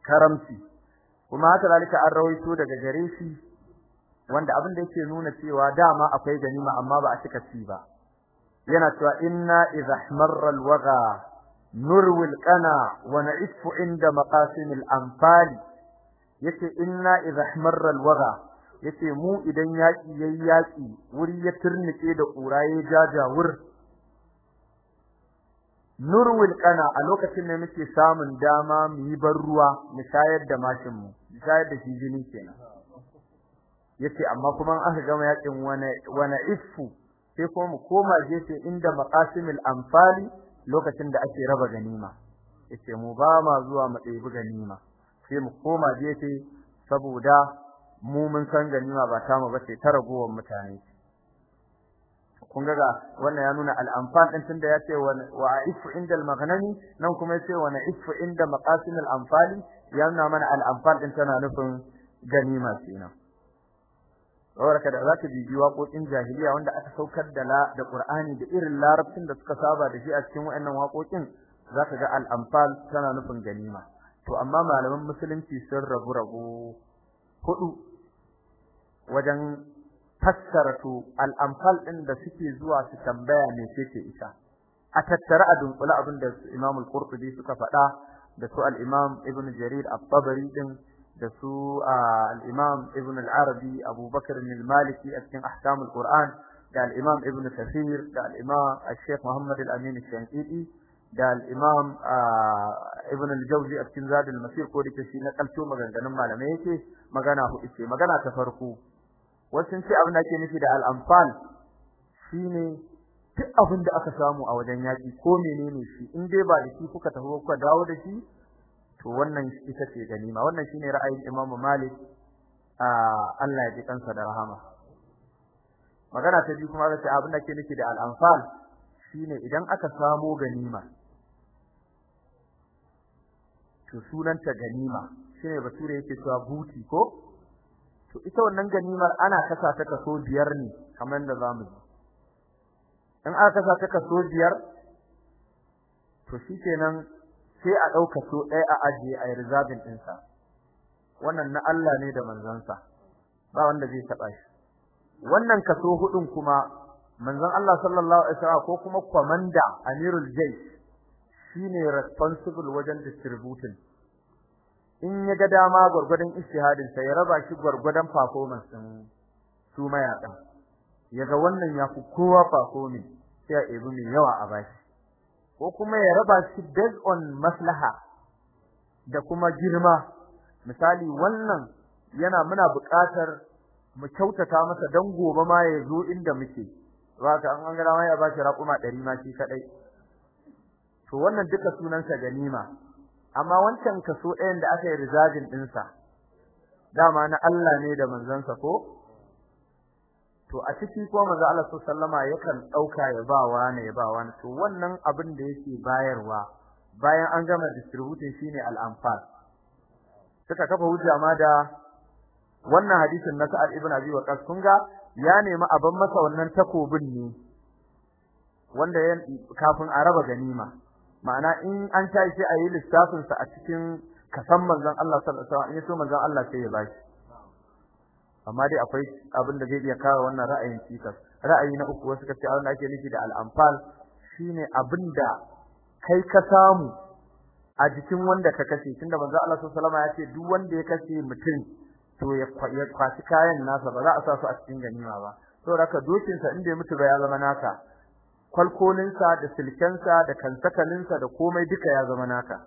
كرمتي kuma haka zalika an rawaito daga gare shi wanda abin da yake nuna cewa dama akwai ganima amma ba a cika ci ba yana cewa inna idha ihmarra alwaga nurwi alqana wa na'itfu inda maqasim al-anfali yace inna idha ihmarra al yace mu idan yaki yayi yaki wuri ya turnike da kuraye jajawur nurwi ƙana a lokacin ne muke samun dama mu yi bar ruwa mu shayar da mashin mu shayar da shi kenan yace amma kuma an aka gama yakin wana wana ifu sai kuma mu koma gefe inda maqasimul anfali lokacin da ake raba ganima yace mu ba ma zuwa mu ɗebi ganima sai mu koma gefe saboda mu mun san ganima ba ta mu ba sai ta ragowar mutane kun ga wannan ya nuna al-anfan din tunda yace wa aifu inda al-maghnami nan kuma yace wa naifu inda maqasim al-anfali ya nuna mana al-anfan din tana nufin ganima kenan saboda da zaka bibi waƙoƙin jahiliya wanda aka saukar da la da Qur'ani da irin larabcin da suka saba da shi a cikin wayannan waƙoƙin zaka ga al tana nufin ganima to amma malaman musulunci sun rabu rabu hudu wajen fassaratu al-anfal ɗin da suke zuwa su tambaya me ce ita a tattara a dunkula abin da Imam al-Qurtubi suka faɗa da su al-Imam Ibn Jarir a tabari ɗin. da su al-Imam Ibn al-Arabi Abu maliki a cikin Ahkam al-Qur'an da al-Imam Ibn Kathir da al-Imam Sheikh Muhammad al-Amin da al Ibn al-Jawzi a cikin Zad al-Masir ko da shi na kalto maganganun malamai yake magana hudu ce magana ta farko wasun ce abin da ke nufi da al-anfal shine duk abin da aka samu a wajen yaki ko menene shi in dai ba da shi kuka tafi kuka dawo da shi to wannan ita ce ganima wannan shine ra'ayin Imam Malik Allah ya ji kansa da rahama magana ta biyu kuma zai abin da ke nake da al-anfal shine idan aka samu ganima to sunanta ganima shine bature yake cewa buti ko to ita wannan ganimar ana kasa ta kaso biyar ne kamar da zamu ji in aka kasa ta kaso biyar to shikenan sai a dauka so ɗaya a ajiye a rizabin din wannan na Allah ne da manzansa ba wanda zai taba shi wannan kaso hudun kuma manzon Allah sallallahu alaihi wasallam ko kuma commander amirul jaysh shine responsible wajen distributing in ya ga dama gurgurdan istihadin sai ya raba shi gurgurdan performance din su ya yaga wannan ya yafi kowa performance sai ya ebi mai yawa a bashi ko kuma ya raba shi based on maslaha da kuma girma misali wannan yana muna buƙatar mu kyautata masa dan gobe ma ya zo inda muke zaka an ga ma ya ba bashi raƙuma 100 ma shi kadai to wannan duka sunan sa ganima amma wancan kaso ɗayan da aka yi rizajin dinsa dama na Allah ne da manzansa ko to a cikin ko manzo Allah sallama yakan dauka ya ba wani ya ba wani to wannan abin da yake bayarwa bayan an gama distributing shine al-anfal suka kafa hujja ma da wannan hadisin na Sa'ad ibn Abi Waqqas kun ga ya nemi aban masa wannan takobin ne wanda kafin a raba ganima ma'ana in an tashi a yi lissafin sa a cikin kasan manzon Allah sallallahu alaihi wasallam in so manzon Allah sai ya bashi amma dai akwai abin da zai iya kawo wannan ra'ayin cikas ra'ayi na uku wasu kace abin ake nufi da al'amfal shine abin da kai ka samu a jikin wanda ka kashe tunda manzo Allah sallallahu alaihi wasallam ya ce duk wanda ya kashe mutum to ya kwashi kayan nasa ba za a sa su a cikin ganima ba saboda haka dokin sa inda ya mutu ba ya zama naka kwalkolin sa da silken sa da kansakalin sa da komai duka ya zama naka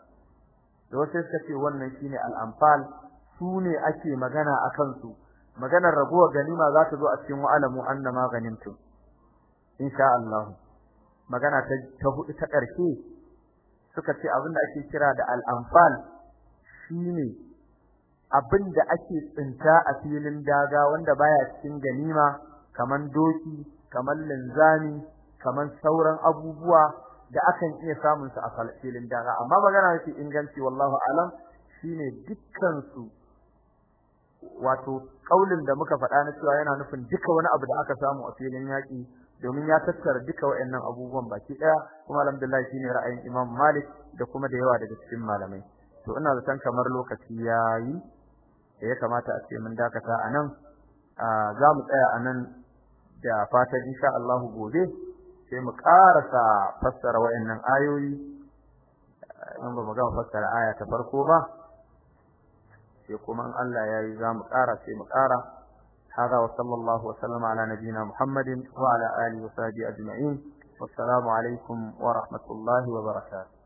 da wasu suka ce wannan shine al'amfal su ne ake magana akan su maganar raguwar ganima za ta zo a cikin wa'alamu annama ganimtu insha Allah magana ta ta hudu ta ƙarshe suka ce abinda ake kira da al-anfal shine abinda ake tsinta a filin daga wanda baya cikin ganima kaman doki kaman linzami kaman sauran abubuwa da akan iya samun su a filin daga amma magana ce inganci wallahu alam shine dukkan su wato kaulin da muka faɗa na cewa yana nufin duka wani abu da aka samu a filin yaki domin ya tattara duka wayannan abubuwan baki daya kuma alhamdulillah shine ra'ayin Imam Malik da kuma da yawa daga cikin malamai to ina zaton kamar lokaci yayi da ya kamata a ce mun dakata anan za mu tsaya anan da fatan insha Allah gobe sai mu karasa fassara wayannan ayoyi in ba mu ga fassara aya ta farko ba يقومان ان لا يزام قارة سيم قارة هذا وصلى الله وسلم على نبينا محمد وعلى آله وصحبه أجمعين والسلام عليكم ورحمة الله وبركاته